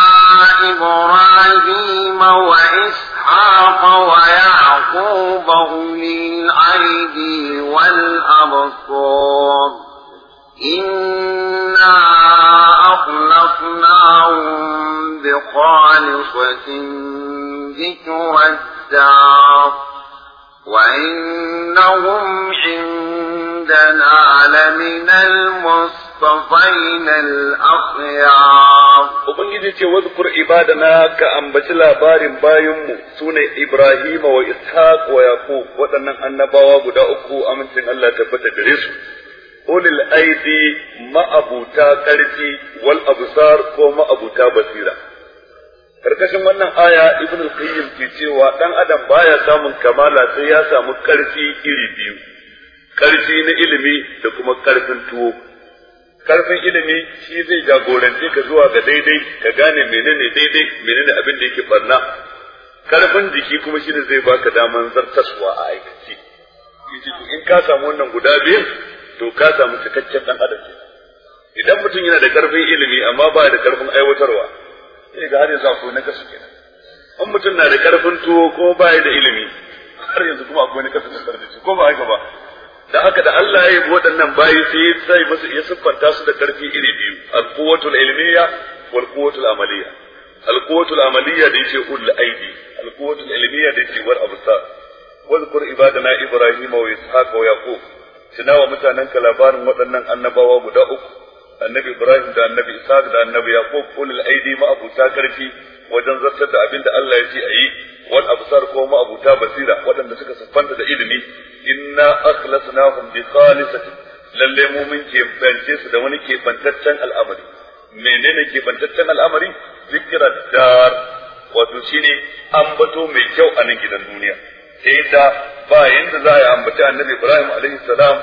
إبراهيم وإسحاق ويعقوب أولي الأيدي والأبصار إنا أخلصناهم بخالصة ذكر الدار وإنهم عند عندنا لمن المصطفين الأخيار Ubangiji ce wazkur ibadana ka ambaci labarin bayanmu sune Ibrahima wa Ishaq wa Yaqub waɗannan annabawa guda uku amincin Allah tabbata gare su ulil aidi ma'abuta ƙarfi wal absar ko ma'abuta basira karkashin wannan aya ibn al ke cewa dan adam baya samun kamala sai ya samu karfi iri biyu karfi na ilimi da kuma karfin tuwo karfin ilimi shi zai jagorance ka zuwa ga daidai ka gane menene daidai menene abin da yake barna karfin jiki kuma shi ne zai baka daman zartaswa a aikace in ka samu wannan guda biyu to ka samu cikakken dan adam idan mutum yana da karfin ilimi amma ba da karfin aiwatarwa sai ga har yanzu akwai na kasu kenan in mutum na da karfin tuwo ko ba da ilimi har yanzu kuma akwai na kasu da ko ba haka ba da haka da Allah ya yi waɗannan bayi sai sai musu ya siffanta su da ƙarfi iri biyu al-quwwatul ilmiyya wal quwwatul amaliyya al-quwwatul amaliyya da yake ul aidi al-quwwatul ilmiyya da yake wal absar wadhkur ibadana ibrahim wa ishaq wa yaqub tunawa mutanen ka labarin waɗannan annabawa guda uku annabi ibrahim da annabi ishaq da annabi yaqub ul aidi ma abuta ƙarfi wajen zartar da abin da Allah ya ce a yi wal absar ko ma abuta basira waɗanda suka siffanta da ilimi inna akhlasnahum bi khalisati lalle mu ke bance su da wani ke bantaccen al'amari menene ke bantaccen al'amari zikra dar wato shine ambato mai kyau a nan gidan duniya sai da ba yanda za a ambaci annabi Ibrahim alaihi salam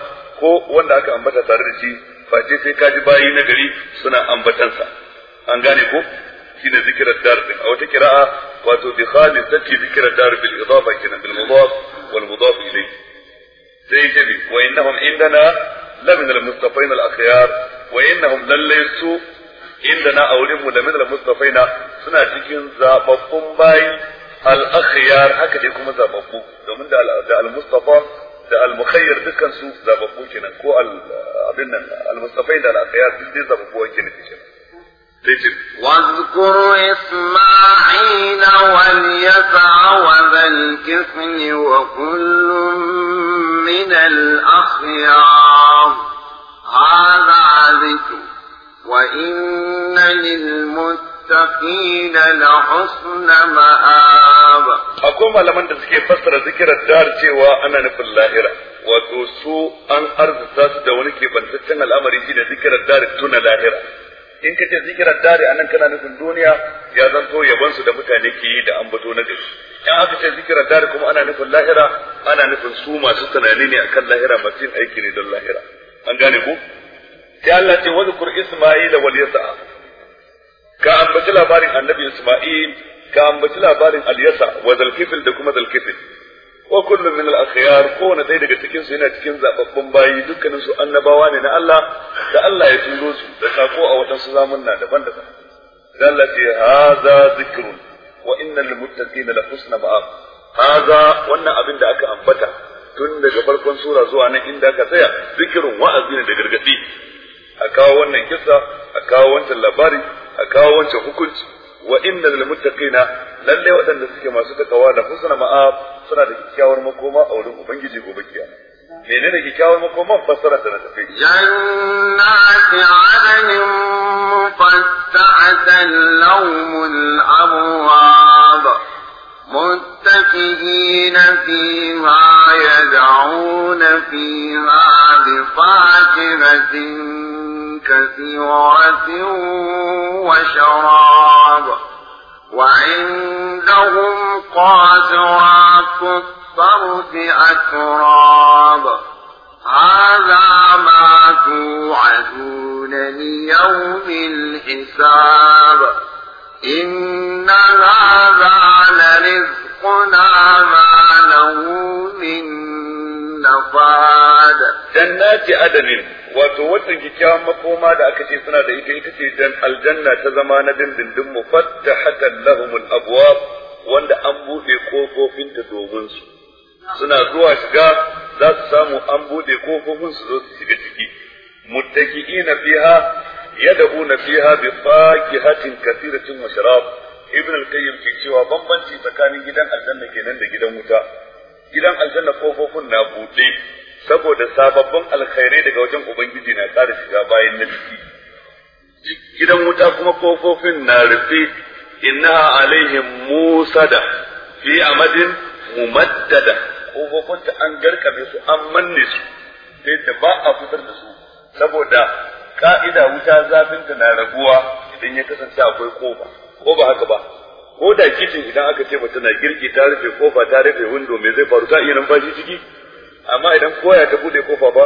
ko wanda aka ambata tare da shi face sai kaji bayi na gari suna ambatansa an gane ko shine zikrar dar din a wata qira'a wato bi khalisati zikrar dar bil idafa kina bil mudaf wal mudaf ilayhi sai ce bi wa innahum indana la min al mustafain al akhyar wa innahum lallaysu indana awlimu la min al mustafain suna cikin zababbun bayi al akhyar haka dai kuma zababbu domin da al mustafa da al mukhayyar dukkan su zababbu kenan ko al abin nan al mustafain da al akhyar duk dai zababbu kenan واذكر إسماعيل واليسع وذا الكفل وكل من الأخيار هذا ذكر وإن للمتقين لحسن مآب أقوم على من تسكي فسر ذكر الدار سوى أنا نفل لاهرة وتوسو أن أرض تاسد ونكي da الأمر يجينا ذكر الدار da لاهرة in ce zikirar dare anan kana nufin duniya ya zanto yaban su da mutane ke yi da ambato na gari in aka ce zikirar dare kuma ana nufin lahira ana nufin su masu tunani ne akan lahira masu yin aiki ne don lahira an gane ku sai Allah ce wadhkur isma'ila wal yasa ka ambaci labarin annabi isma'il ka ambaci labarin al yasa wa zalkifil da kuma zalkifil wa kullu min al-akhyar kowane ɗaya daga cikin su yana cikin zababbun bayi dukkanin su annabawa ne na Allah da Allah ya turo su da sako a wadansu na daban-daban dalla hadha zikrun wa innal lil-muttaqin la husna ma'ab hadha wannan abin da aka ambata tun daga farkon sura zuwa nan inda aka tsaya zikirin wa'azi ne da gargadi a kawo wannan kissa a kawo wancan labari a kawo wancan hukunci وإن للمتقين للي وإن لسكي ما سكت طوال خسنا مآب سنة كيكاور مكوما أو لنكو بنجي بكيا لأن هناك كيكاور مكوما فسنة سنة فيه جنات عدن مفتحة لوم الأبواب متكئين فيها يدعون فيها بفاكرة كثيرة وشراب وعندهم قاسرات الطرف أتراب هذا ما توعدون ليوم الحساب إن هذا لرزقنا ما له من nafada jannati adanin wato wannan kikkiawan makoma da aka ce suna da ita ita ce dan aljanna ta zama na dindindin mufattahatan lahum al-abwab wanda an bude kofofin ta domin su suna zuwa shiga za su samu an bude kofofin su zo su shiga ciki muttaqiina fiha yad'una fiha bi faqihatin kathiratin wa sharab ibn al-qayyim ke cewa bambanci tsakanin gidan aljanna kenan da gidan wuta gidan aljanna kofofin na buɗe saboda sababbin alkhairai daga wajen ubangiji na ƙara shiga bayan na gidan wuta kuma kofofin na rufe inna alaihim musada fi amadin mumaddada ta an garkame su an manne su sai da ba a fitar da su saboda ka'ida wuta zafinta na raguwa idan ya kasance akwai ko ba haka ba ko da kicin idan aka ce mace na girki ta rufe kofa ta rufe windo me zai faru ta iya numfashi ciki amma idan koya ta bude kofa ba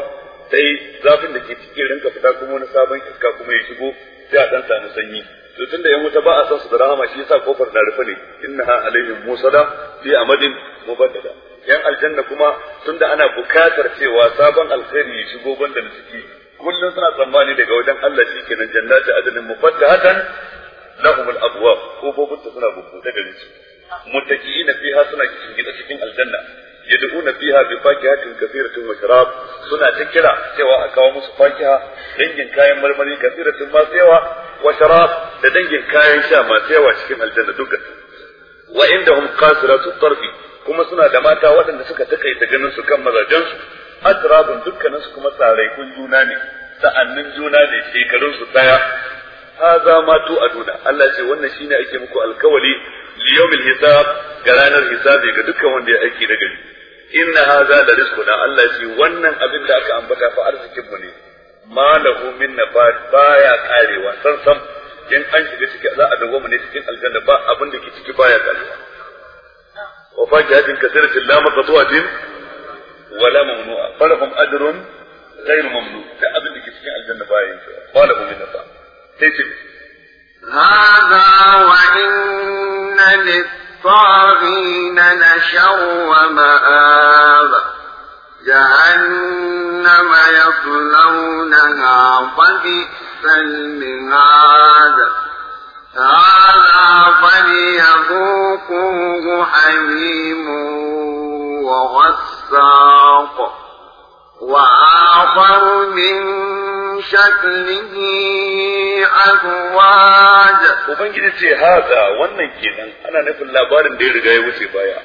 sai zafin da ke cikin rinka fita kuma wani sabon iska kuma ya shigo sai a dan samu sanyi to tunda yan wuta ba a san su da rahama shi yasa kofar na rufe ne Inna ha alaihim musada fi amadin mubaddada yan aljanna kuma tunda ana bukatar cewa sabon alkhairi ya shigo banda na ciki kullum suna tsammani daga wajen Allah shi kenan jannati adadin mufattahatan lahum al-abwab kofofin ta suna bubbuɗe da rinsu muttaqiina fiha suna cikin cikin aljanna yad'una fiha bi fakihatin kathiratin wa sharab suna ta kira cewa a kawo musu fakiha dangin kayan marmari kathiratin ma yawa wa sharab da dangin kayan sha ma yawa cikin aljanna dukkan wa indahum qasiratu tarfi kuma suna da mata waɗanda suka takaita ganinsu kan mazajensu atrabun dukkanin kuma tsarai juna ne sa'annin juna da shekarun su daya hadha ma tu'aduna Allah ce wannan shine ake muku alkawali li yawmil hisab ga ranar hisabi ga dukkan wanda ya aiki da gari inna hadha la rizquna Allah ce wannan abin da aka ambata fa arzikin mu ne ma lahu min nabat baya karewa san san in an shiga ciki za a dawo mu ne cikin aljanna ba abin da ke ciki baya karewa wa fakihatin kasiratin la maqtu'atin wala mamnu'a falahum ajrun غير ممنوع ده أبن كتير الجنة باين فالهم من النصارى هذا وإن للطاغين لشر ومآب جهنم يصلونها فبئس المهاد هذا فليذوقوه حميم وغساق وآخر من شكله أزواج وبنجد ce haza, wannan kenan ana nufin labarin da ya riga ya wuce baya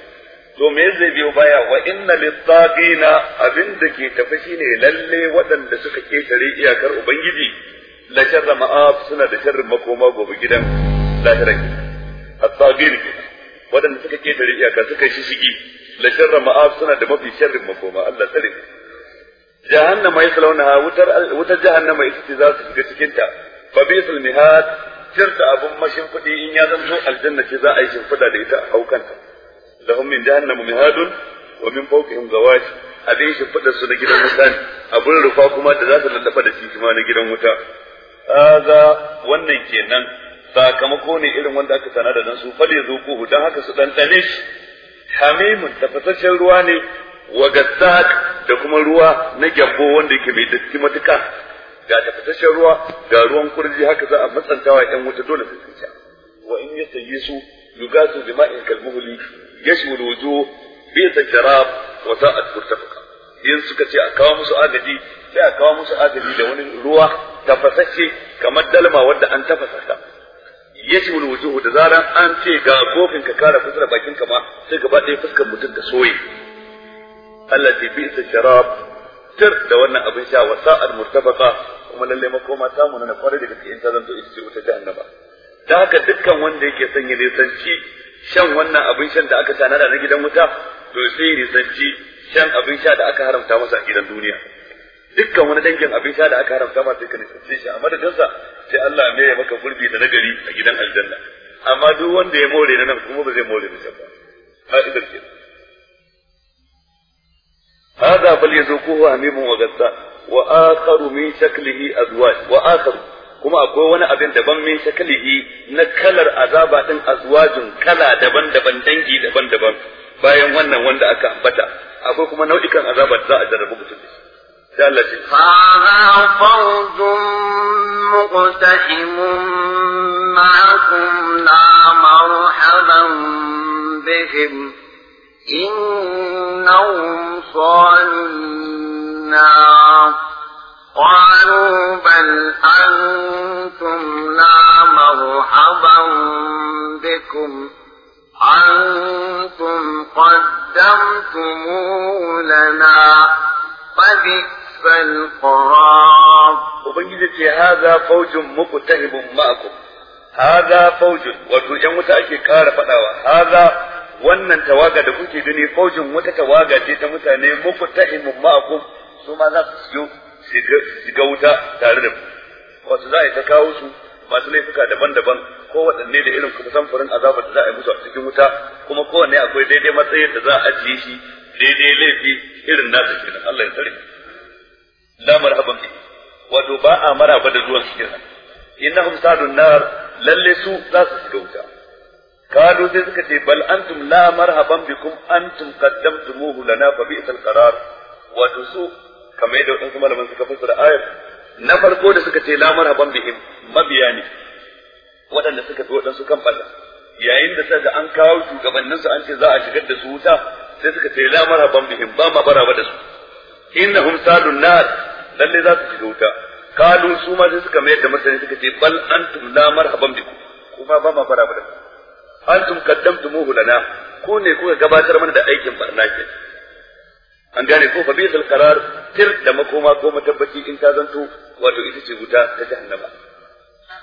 to me zai biyo baya wa inna lit-taqina abin da ke tafi shine lalle waɗanda suka ketare iyakar ubangiji la sharra ma'af suna da sharrin makoma gobe gidan lahira ke at-taqin waɗanda suka ketare iyakar suka shishigi la sharra ma'af suna da mafi sharrin makoma Allah tsare jahannama yaslawnaha wutar wutar jahannama ita ce za su shiga cikin ta fa bisal mihad tirta abun mashin kudi in ya zanto aljanna ce za a yi shimfida da ita a haukanta lahum min jahannama mihadun wa min fawqihim zawaj abin shimfidar su na gidan wuta ne abun rufa kuma da za ta lallafa da shi kuma na gidan wuta haza wannan kenan sakamako ne irin wanda aka sana da nan su fale zuquhu dan haka su dan tane hamimun tafasasshen ruwa ne wa gassak da kuma ruwa na gyambo wanda yake mai datti matuka ga tafasasshen ruwa ga ruwan kurji haka za a matsantawa yan wuta dole su tsinta wa in yastayisu yugasu bima'in kalmuhli yashwi alwujuh bi jarab, wa sa'at murtafaqa in suka ce a kawo musu agaji sai a kawo musu agaji da wani ruwa tafasacce kamar dalma wanda an tafasa ta shi wani wujuhu da zaran an ce ga kofin ka kara kusa da bakin ka ma sai gaba ɗaya fuskar mutum ta soye Allah ce bi isa sharab tir da wannan abin sha wa sa'ar murtafaqa kuma lalle makoma samu na kware daga cikin ta zanto ita ce wuta jahannama da haka dukkan wanda yake son ya nisanci shan wannan abin shan da aka tanada na gidan wuta to sai ya nisanci shan abin sha da aka haramta masa a gidan duniya dukkan wani dangin abin sha da aka haramta masa ka nisanci shi a madadinsa sai Allah ya mai maka gurbi da nagari a gidan aljanna amma duk wanda ya more na nan kuma ba zai more na can ba ka'idar kenan هذا فليذوقوه حميم وغساق واخر من شكله ازواج واخر كما اكو wani abin دبن من شكله نكلر kalar دين ازواج كلا دبن دبن دنجي دبن دبن daban bayan wannan wanda aka ambata akwai kuma nau'ikan azaba da za a jarrabu mutum da shi sai Allah ce hadha fawzun muqtahimun ma'akum la marhaban bihim إنهم صالوا النار قالوا بل أنتم لا مرحبا بكم أنتم قدمتموه لنا فبئس القرار وبنجد هذا فوج مقتهب معكم هذا فوج وتجمع أكي كار فتاوى هذا wannan tawaga da kuke gani faujin wata tawaga ce ta mutane muku ta'imun ma'akum su ma za su ga wuta tare da ku wasu za a yi ta kawo su masu laifuka daban-daban ko waɗanne da irin kusan samfurin azabar da za a yi musu a cikin wuta kuma kowanne akwai daidai matsayin da za a ajiye shi daidai laifi irin nasa kenan Allah ya tsare la marhaban bi wato ba a maraba da zuwan su kenan innahum sadun nar lalle su za su shiga wuta kalu sai suka ce bal antum la marhaban bikum antum qaddamtumuhu lana fa bi'sal qarar su kamar yadda wadansu malaman suka fassara ayat na farko da suka ce la marhaban bihim mabiya ne waɗanda suka fi waɗansu kan balla yayin da suka an kawo shugabanninsu an ce za a shigar da su wuta sai suka ce la marhaban bihim ba ma baraba da su innahum salun nar lalle za su shiga wuta kalu sai suka mayar da suka ce kuma ba ma su antum qaddamtumuhu lana ko ne kuka gabatar mana da aikin barna ke an gane ko fa bisul qarar tir da makoma ko matabbaci in ta zanto wato ita ce wuta ta jahannama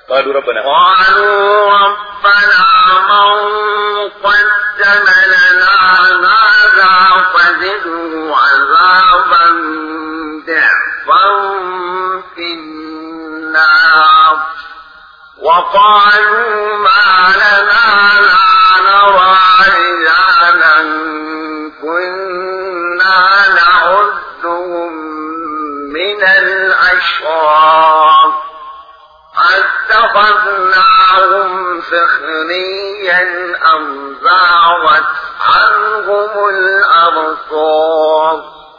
قالوا ربنا قالوا ربنا من قدم لنا هذا فزده عذابا ضعفا في النار وقالوا ما لنا الله فاتخذناهم سخريا أم زاغت عنهم الأبصار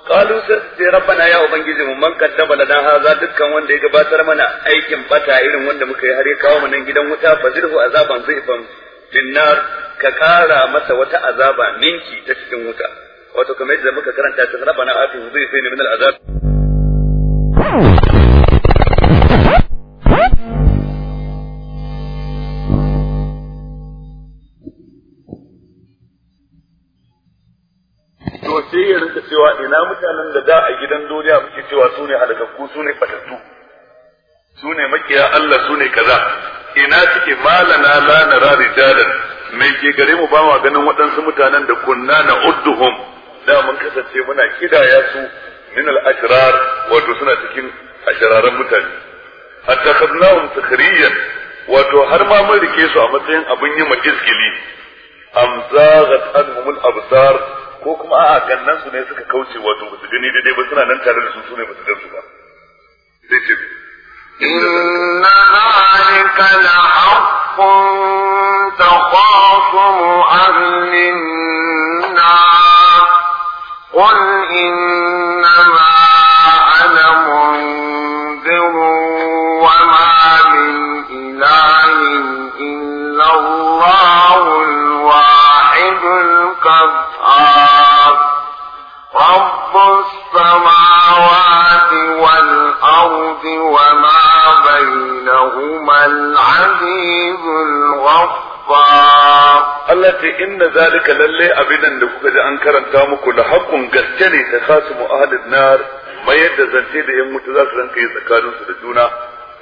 قالوا sai rabbana ya ubangiji mu man kaddaba lana haza dukkan wanda ya gabatar mana aikin bata irin wanda muka yi har ya kawo mu nan gidan wuta fazirhu azaban zifan binnar ka kara masa wata azaba ninki ta cikin wuta wato kamar yadda muka karanta cikin rabbana atu zifin min al azab cewa ina mutanen da za a gidan duniya muke cewa su ne halakakku su ne fatattu su ne makiya Allah su ne kaza ina suke malana la rari jadan mai ke gare mu ba ganin waɗansu mutanen da kunna na udduhum da mun kasance muna kidaya su min al-ashrar wato suna cikin ashraran mutane hatta khadnahum takhriyan wato har ma mun rike su a matsayin abin yi ma am zaghat anhum al-absar ko kuma a'a gannan su ne suka kauce wato ba su gani daidai ba suna nan tare da su sune ba su gansu ba zai ce إن ذلك لحق تخاصم أهل na qul inna هو العزيز الغفار Allah ce inna zalika lalle abidan da kuka ji an karanta muku da hakkun gaske ne ta khasimu ahlin nar mayar da zance da yan mutu za su ranka yi tsakanin su da juna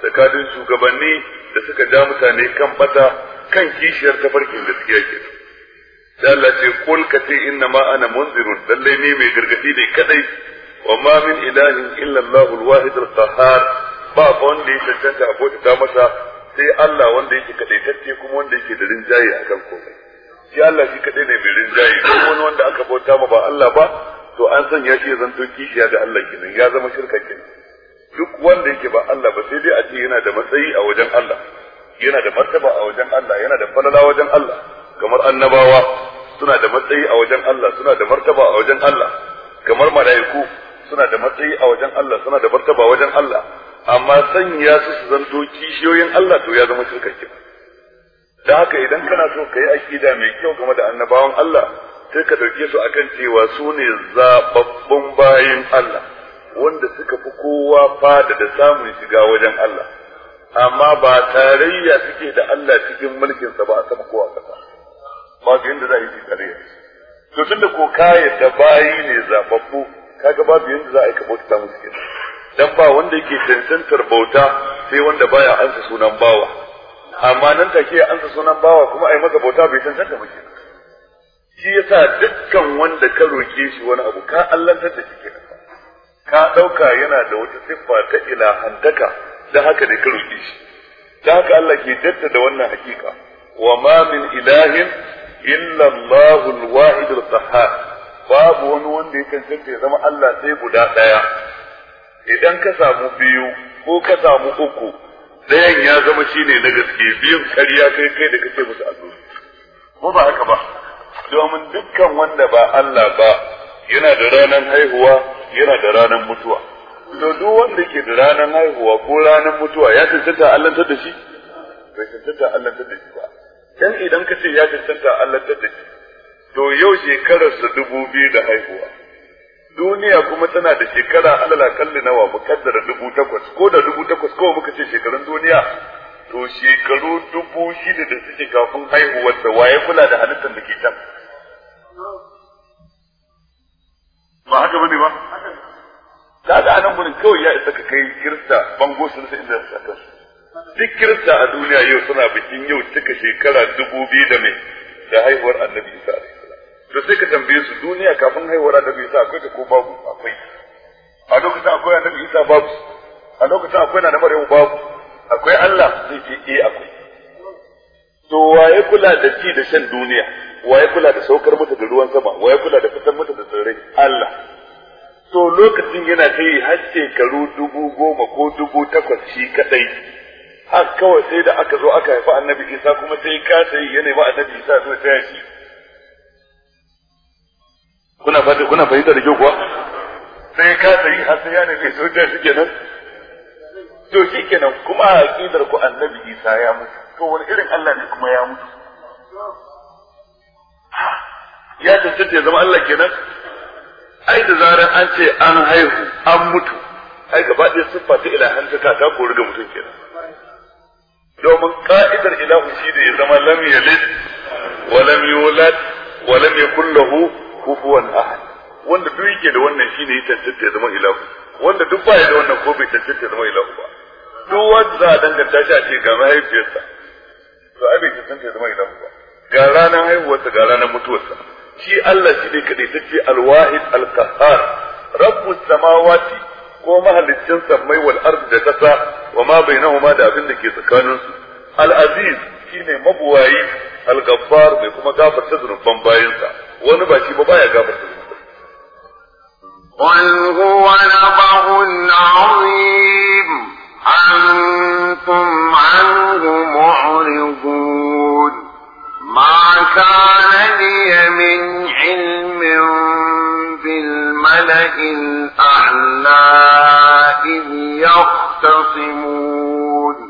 tsakanin shugabanni da suka ja mutane kan bata kan kishiyar tafarkin gaskiya ke da Allah ce kul ka ce inna ma ana munzirun lalle ne mai gargadi ne kadai wa ma min ilahin illa Allahul wahidul qahhar ba fa wanda ya cancanta a ta masa sai Allah wanda yake kadaitacce kuma wanda yake da rinjaye kan komai shi Allah shi kadai ne mai rinjaye ko wani wanda aka bauta ma ba Allah ba to an ya shi zan zanto kishiya da Allah kenan ya zama shirka kenan duk wanda yake ba Allah ba sai dai a ce yana da matsayi a wajen Allah yana da martaba a wajen Allah yana da falala wajen Allah kamar annabawa suna da matsayi a wajen Allah suna da martaba a wajen Allah kamar mala'iku suna da matsayi a wajen Allah suna da martaba a wajen Allah amma sanya su su zanto kishiyoyin Allah to ya zama shirka da haka idan kana so ka yi aƙida mai kyau game da annabawan Allah sai ka ɗauke su akan cewa su ne zaɓaɓɓun bayan Allah wanda suka fi kowa fada da samun shiga wajen Allah amma ba tarayya suke da Allah cikin mulkinsa ba a sama ko a ba su yadda za a yi tarayya to tunda ko kayan bayi ne zaɓaɓɓu kaga babu yadda za a yi kabo ta musu kenan dan ba wanda yake cancantar bauta sai wanda baya ansa sunan bawa amma nan take ansa sunan bawa kuma ai masa bauta bai cancanta miki. shi yasa dukkan wanda ka roke shi wani abu ka allantar da shi ka dauka yana da wata siffa ta ilahantaka dan haka ne ka roke shi da haka Allah ke jaddada wannan hakika wa ma min ilahin illa Allahul wahidul qahhar babu wani wanda ya cancanta ya zama Allah sai guda daya idan ka samu biyu ko ka samu uku ɗayan ya zama shine na gaske biyun karya kai kai da kake musu azu ko ba haka ba domin dukkan wanda ba Allah ba yana da ranar haihuwa yana da ranar mutuwa to duk wanda ke da ranar haihuwa ko ranar mutuwa ya tantanta Allah ta da shi bai tantanta Allah ta da shi ba dan idan ka ce ya tantanta Allah ta da shi to yau shekarar sa dubu biyu da haihuwa duniya kuma tana da shekara alala kalli nawa kaddara dubu takwas ko da dubu takwas kawai muka ce shekarun duniya to shekaru dubu shida da suke kafin haihuwar da waye kula da halittar da ke can ba haka bane ba kaga anan gurin kawai ya isa ka kai kirista bango su rasa inda su kansu duk kirista a duniya yau suna bikin yau cika shekara dubu biyu da mai da haihuwar annabi isa alaihi to sai ka tambaye su duniya kafin haihuwar annabi isa akwai ta ko babu akwai a lokacin akwai annabi isa babu a lokacin akwai na maryam babu akwai Allah zai ce eh akwai to waye kula da ci da shan duniya waye kula da saukar mata da ruwan sama waye kula da fitar mata da tsirrai Allah to lokacin yana kai har shekaru dubu goma ko dubu takwas shi kadai har kawai sai da aka zo aka haifa annabi isa kuma sai ka sai yana ba annabi isa sai taya shi kuna fata kuna fahimta da kyau kuwa sai ka sayi ya ne sai soja shi kenan to shi kenan kuma a aqidar ku annabi Isa ya mutu to wani irin Allah ne kuma ya mutu ya ya zama Allah kenan ai da zarar an ce an haihu an mutu ai gaba ɗaya siffa ta ilahan ta ta kori ga mutum kenan domin ka'idar ilahu shi da ya zama lam yalid wa lam yulad wa lam yakul lahu kufuwan ahad wanda duk yake da wannan shine ya tantance zama ilahu wanda duk ba ya da wannan ko bai tantance zama ilahu ba duk wanda za a danganta shi a ce ga mahaifiyarsa to ai bai tantance zama ilahu ba ga ranar haihuwarsa ga ranar mutuwarsa shi Allah shi ne kadai tace alwahid alqahar rabbus samawati ko mahaliccin samai wal ard da kasa wa ma bainahuma da abin da ke tsakaninsu al aziz shine mabuwayi al gaffar mai kuma gafarta zunuban bayansa wani ba shi ba baya gafarta zunubai قل هو نبأ عظيم أنتم عنه معرضون ما كان لي من علم بالملأ الأعلى إذ يختصمون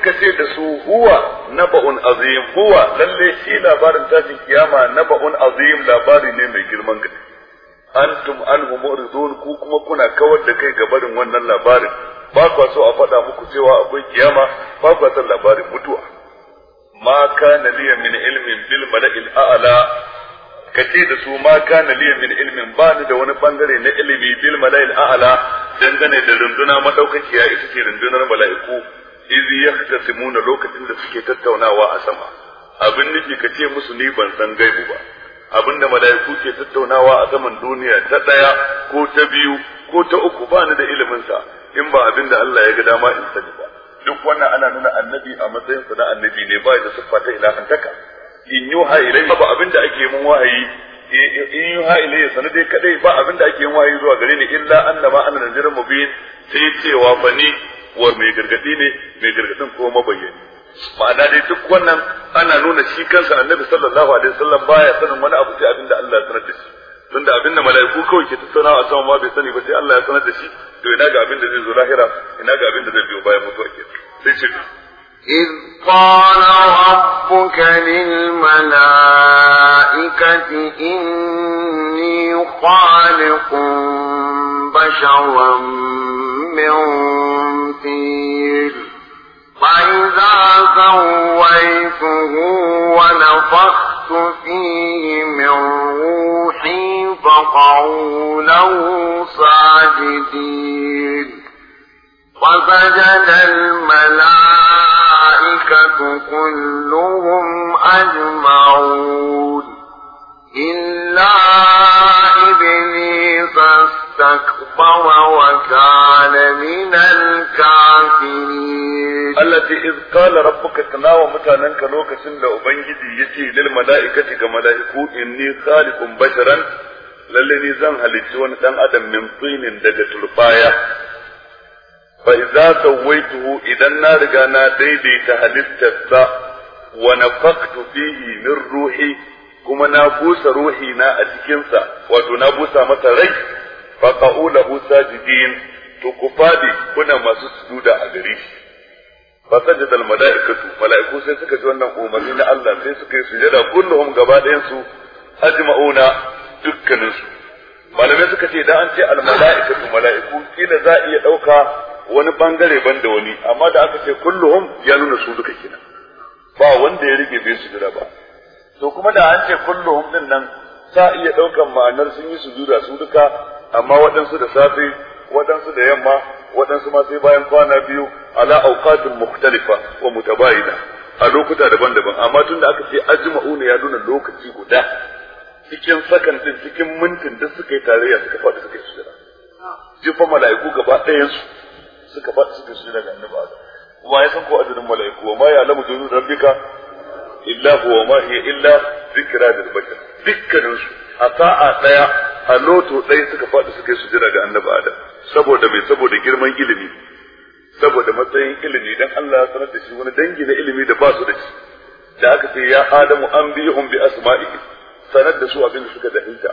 kace da su huwa naba'un azim huwa lalle shi labarin tashin kiyama naba'un azim labari ne mai girman gani antum anhu mu'ridun ku kuma kuna kawar da kai ga barin wannan labarin ba ku so a faɗa muku cewa akwai kiyama ba ku san labarin mutuwa ma kana liya min ilmin bil mala'il a'la kace da su ma kana liya min ilmin ba ni da wani bangare na ilimi bil mala'il a'la dangane da runduna madaukakiya ita ce rundunar mala'iku iz yahtasimuna lokacin da suke tattaunawa a sama abin nufi kace musu ni ban san gaibu ba da mala'iku ke tattaunawa a saman duniya ta daya ko ta biyu ko ta uku ba ni da ilimin sa in ba abinda Allah ya ga dama in sani ba duk wannan ana nuna annabi a matsayin sa na annabi ne ba da siffa ta ilahantaka in yuha ilai ba da ake mun wahayi in yuha ilai sanu dai kadai ba abin da ake mun wahayi zuwa gare ni illa annama ana nazirun mubin sai cewa fa ni war mai gargadi ne mai gargadin ko mabayyani ma'ana dai duk wannan ana nuna shi kansa annabi sallallahu alaihi wasallam baya sanin wani abu sai abin da Allah ya sanar da shi tun da abin da mala'iku kawai ke tattauna a sama ma bai sani ba sai Allah ya sanar da shi to ina ga abin da zai zo lahira ina ga abin da zai biyo bayan mutuwa ke sai ce إذ قال ربك للملائكة إني خالق بشرا من طين فإذا سويته ونفخت نفخت فيه من روحي فقعوا له ساجدين وسجد الملائكة كلهم أجمعون إلا إبليس استكبر وكان من الكافرين التي إذ قال ربك تناوى متانك لوكة لأبنجدي يتي للملائكة كملائكو إني خالق بشرا للذي زنها هلتي ونسان أدم من طين دجة الباية فإذا سويته إذا النار كان ديدي تهلت ونفقت فيه من روحي كما نابوس روحي ruhi na a متغيث faqa'u lahu sajidin to ku fadi kuna masu sujuda a gare shi fa sajada al mala'ikatu mala'iku sai suka ji wannan umarni na Allah sai suka yi sujada kulluhum gaba ɗayan su ajma'una dukkanin su malamai suka ce da an ce al mala'ikatu mala'iku kila za iya dauka wani bangare ban da wani amma da aka ce kulluhum ya nuna su duka kina ba wanda ya rige bai sujada ba to kuma da an ce kulluhum din nan sa iya daukan ma'anar sun yi sujuda su duka amma waɗansu da safe waɗansu da yamma waɗansu ma sai bayan kwana biyu ala auqatin mukhtalifa wa mutabaida a lokuta daban-daban amma tun da aka ce ajma'u ne ya nuna lokaci guda cikin sakantin cikin mintin da suka yi tarayya suka faɗi suka yi sujada jifa mala'iku gaba ɗayan su suka faɗi suka yi sujada ga annabi Adam kuma ya san ko adadin mala'iku wa ma ya'lamu junu rabbika illa huwa ma hiya illa zikra lil bashar dukkanin su a sa'a daya a loto ɗaya suka faɗi suka yi sujada ga annabi adam saboda mai saboda girman ilimi saboda matsayin ilimi dan Allah ya sanar da shi wani dangi na ilimi da ba su da shi da aka ce ya adamu an bihum bi asma'ihi sanar da su abin da suka dahinta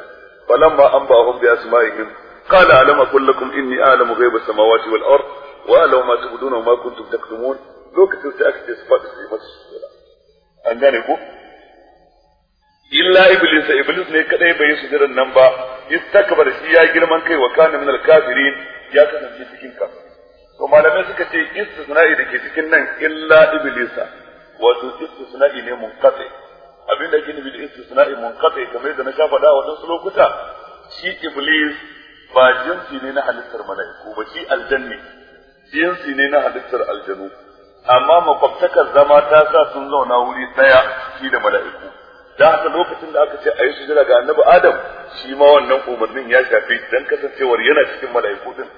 falamma an ba ba'ahum bi asma'ihim qala alam aqul lakum inni a'lamu ghaiba samawati wal ard wa a'lamu ma tubduna wa ma kuntum taktumun lokacin sai aka ce su faɗi su yi masa sujada an gane ko illa iblis iblis ne kadai bai yi sujadan nan ba istakbar shi ya girman kai wa kana min al-kafirin ya kasance cikin kafir to malamai suka ce istisna'i da ke cikin nan illa iblisa wato istisna'i ne munqati abinda ake nufi da istisna'i munqati kamar da na sha faɗa waɗansu lokuta shi iblis ba jinsi ne na halittar mala'iku ba shi aljanni jinsi ne na halittar aljanu amma makwabtakar zama ta sa sun zauna wuri ɗaya shi da mala'iku da haka lokacin da aka ce a yi sujada ga annabi adam shi ma wannan umarnin ya shafi dan kasancewar yana cikin mala'iku din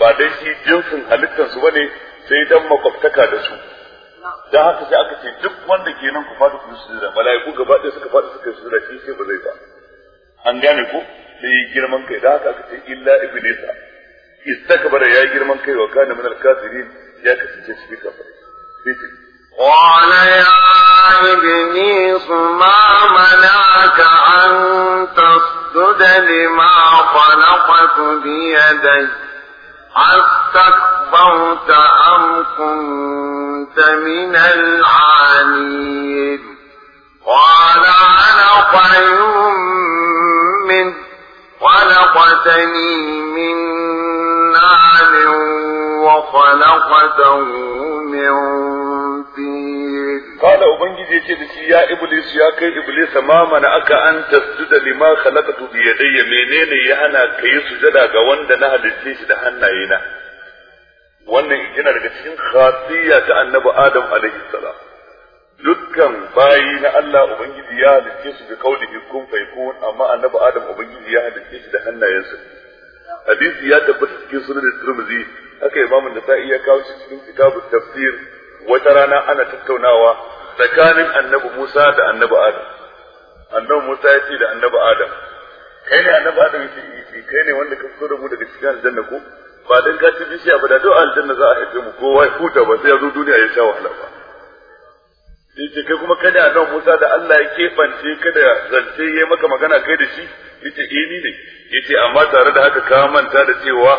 ba dai shi jinsin halittar su bane sai dan makwabtaka da su da haka sai aka ce duk wanda ke nan ku fada ku sujada mala'iku gaba ɗaya suka fada suka sujada shi sai ba zai ba an gane ku yi girman kai da haka aka ce illa iblisa istakbara ya girman kai wa kana min al-kafirin ya kasance cikin kafirai قال يا ابني ما منعك أن تسجد لما خلقت بيدي أستكبرت أم كنت من العالين قال أنا خير من خلقتني من نار وخلقته من قال ubangiji yace da shi ya iblis ya kai iblis ma mana aka an tasjuda lima khalaqtu bi yadayya menene ya hana kai sujada ga wanda na halitta da hannayena wannan yana daga cikin ta annabi adam alaihi salam dukkan bayi na Allah ubangiji ya halitta su bi kaulihi kun faykun amma annabi adam ubangiji ya halitta shi da hannayensa hadisi ya tabbata cikin sunan tirmidhi haka imamu nasa'i ya kawo shi cikin kitabut tafsir wata rana ana tattaunawa tsakanin annabi Musa da annabi Adam annabi Musa ya ce da annabi Adam kai ne annabi Adam yake yi kai ne wanda ka fito da mu daga cikin aljanna ko ba dan ka ci bishiya ba da duk aljanna za a haife mu ko wai huta ba sai ya zo duniya ya sha wahala ba yace kai kuma kada annabi Musa da Allah ya kebance kada zance yayi maka magana kai da shi yace eh ni ne yace amma tare da haka ka manta da cewa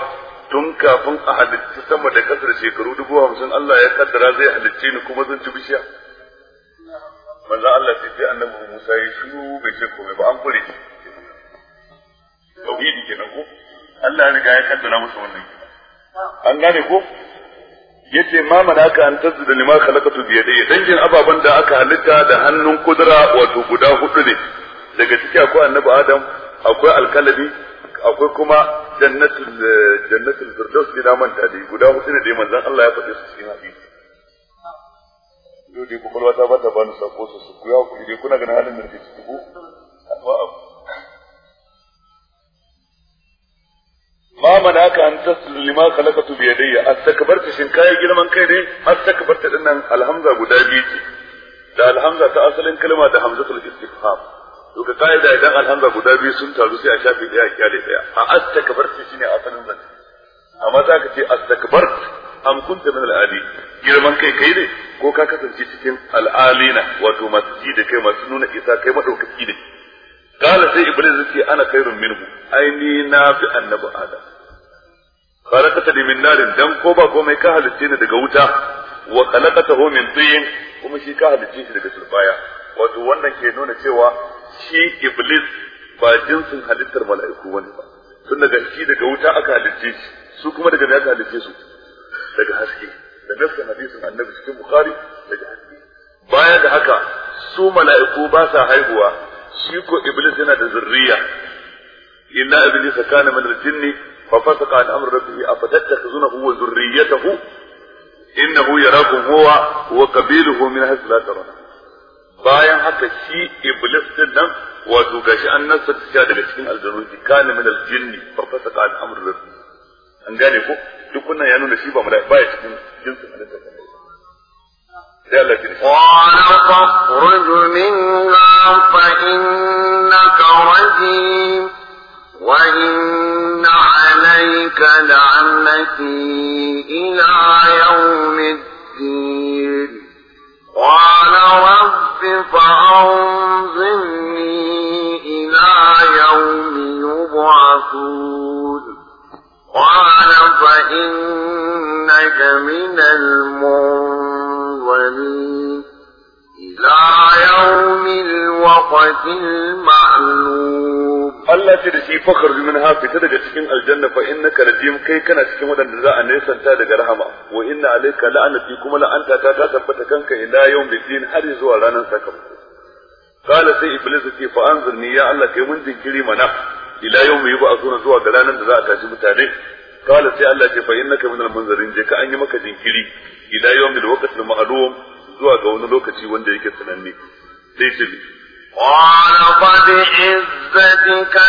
tun kafin a halitta sama da kasar shekaru dubu hamsin Allah ya kaddara zai halitta ni kuma zan ci bishiya Maza Allah sai sai annabi Musa ya shiru bai ce komai ba an kure shi tauhidi kenan ko Allah ya riga ya kaddara musu wannan an gane ko ce ma mana aka an tazu da lima khalaqatu bi yadayya dangin ababan da aka halitta da hannun kudura wato guda hudu ne daga ciki akwai annabi Adam akwai alkalabi akwai kuma jannatul eh, jannatul firdaus ne na manta dai guda hudu ne dai manzon Allah ya faɗi su cikin hadisi yau dai ba ta bata bani sako su su kuya ku dai kuna ganin halin da ke ciki ko amma ma manaka an taslu lima khalaqatu bi yadayya astakbarta shin kai girman kai ne astakbarta dinnan alhamza guda biyu ce da alhamza ta asalin kalma da hamzatul istifham Duka ka kaida idan alhamza guda biyu sun taru sai a shafi daya a kyale daya a astakbarta shine asalin zance amma za ka ce astakbarta am kunta min al'ali girman kai kai ne ko ka kasance cikin al'alina wato masu ji da kai masu nuna isa kai madaukaki ne kala sai iblis zai ana khairun minhu ai ni na fi annabi adam khalaqata min narin dan ko ba komai ka halitte ni daga wuta wa khalaqatahu min tin kuma shi ka halitte shi daga turbaya wato wannan ke nuna cewa shi iblis ba jinsin halittar mala'iku wani ba tun daga shi daga wuta aka halicce shi su kuma daga ne aka halicce su daga haske da nassin hadisin annabi cikin bukhari daga haske baya da haka su mala'iku ba sa haihuwa shi ko iblis yana da zurriya inna iblis kana min al-jinni fa fasaqa an amri rabbih afatattakhizunahu wa zurriyyatahu innahu yarakum huwa wa qabiluhu min hasla tarawna bayan haka shi iblis din nan wato gashi an nasa ta daga cikin aljanu kana min aljinni fa fasaka an amru rabbi an gane ko duk wannan ya nuna shi ba mala'ika ba ya cikin jinsin halitta قال فاخرج منها فإنك رجيم وإن عليك لعنتي إلى يوم الدين قال رب فأنظرني إلى يوم يبعثون قال فإنك من المنظرين إلى يوم الوقت المعلوم Allah ce da shi fakhar min ha fita daga cikin aljanna fa innaka rajim kai kana cikin wadanda za a nesanta daga rahama wa inna alayka la'anati kuma la'anta ta ta tabbata kanka ila yawmid din har zuwa ranar sakamako qala sai iblis ce fa anzurni ya Allah kai mun jinkiri mana ila yawmi yub'athuna zuwa ga ranar da za a tashi mutane qala sai Allah ce fa innaka min al je ka an yi maka jinkiri ila yawmil waqtil ma'lum zuwa ga wani lokaci wanda yake sananne sai ce قال قد عزتك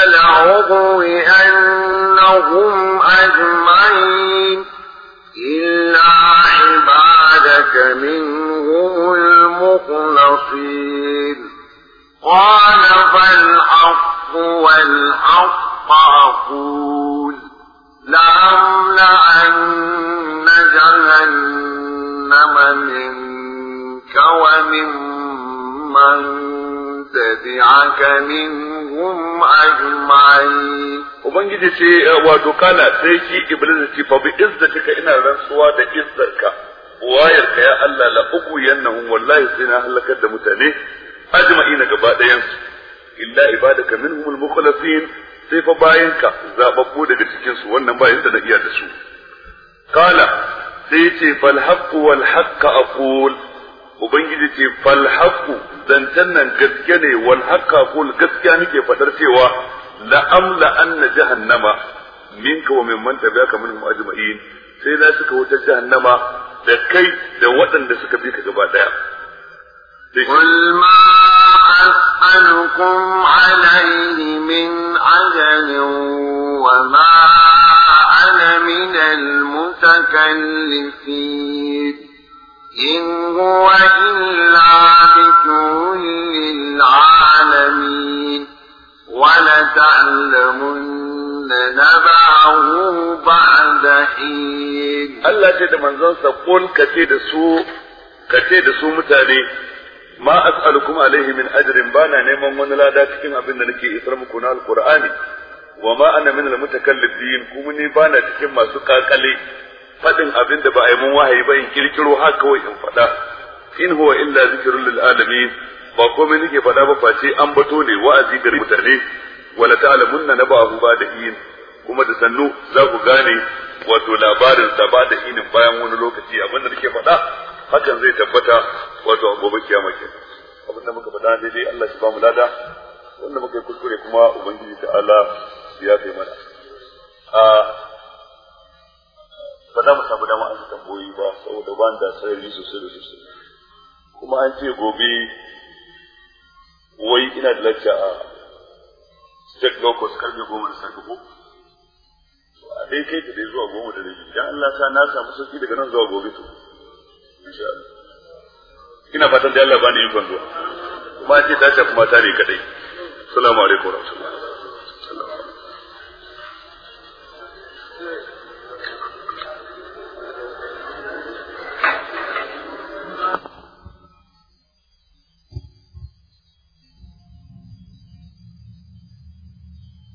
أنهم أجمعين إلا عبادك منهم المخلصين قال فالحق والحق أقول لأملأن جهنم منك وممن من تبعك منهم أجمعين Ubangiji ce eh, wato kana sai shi Iblis ce fa bi izzatika ina rantsuwa da izzarka wayarka ya Allah la uku yannahum wallahi sai na halakar da mutane ajma'ina gaba ɗayan su illa ibadaka minhumul mukhlasin sai fa bayanka zababbu daga cikin su wannan bayan da na iya da su Kala sai ce fal haqqu wal haqqa aqul ubangiji ce fal haqu zantan nan gaske ne wal haqa kul gaskiya nake fadar cewa la amla anna jahannama minka wa mimman tabi'aka minhum ajma'in sai na suka wuta jahannama da kai da waɗanda suka bi ka gaba daya قل ما أسألكم عليه من أجل وما أنا من المتكلفين Yin gwajin ya da na ba ku Allah sai da manzonsa, ko ka ce da su mutane. Ma'asu'alu kuma alayhi min adirin, ba na neman wani lada cikin abin da nake iƙarimu ko na Alƙur'ani. Wa ma ana min lamunta kan littiyin, ba na cikin masu ƙaƙale. faɗin abin da ba a yi mun wahayi ba in kirkiro haka kawai in faɗa in huwa illa zikirun lil alamin ba komai nake faɗa ba face an bato ne wa'azi ga mutane wala ta'lamun na ba da yin kuma da sannu za ku gane wato labarin sa ba da yin bayan wani lokaci da nake faɗa hakan zai tabbata wato a gobe kiyama ke abin da muka faɗa daidai Allah shi ba mu lada wanda muka yi kuskure kuma ubangiji ta'ala ya kai mana ah, ba za mu samu dama a tamboyi ba saboda ban da sarari sosai da sosai kuma an ce gobe wai ina da lacca a state locals karfe goma da sarki ko a dai kai ta dai zuwa goma da rabi idan Allah sa na samu sarki daga nan zuwa gobe to insha Allah ina fatan da Allah bani yin banzo kuma an ce ta shafi mata ne kadai salamu alaikum wa wabarakatuh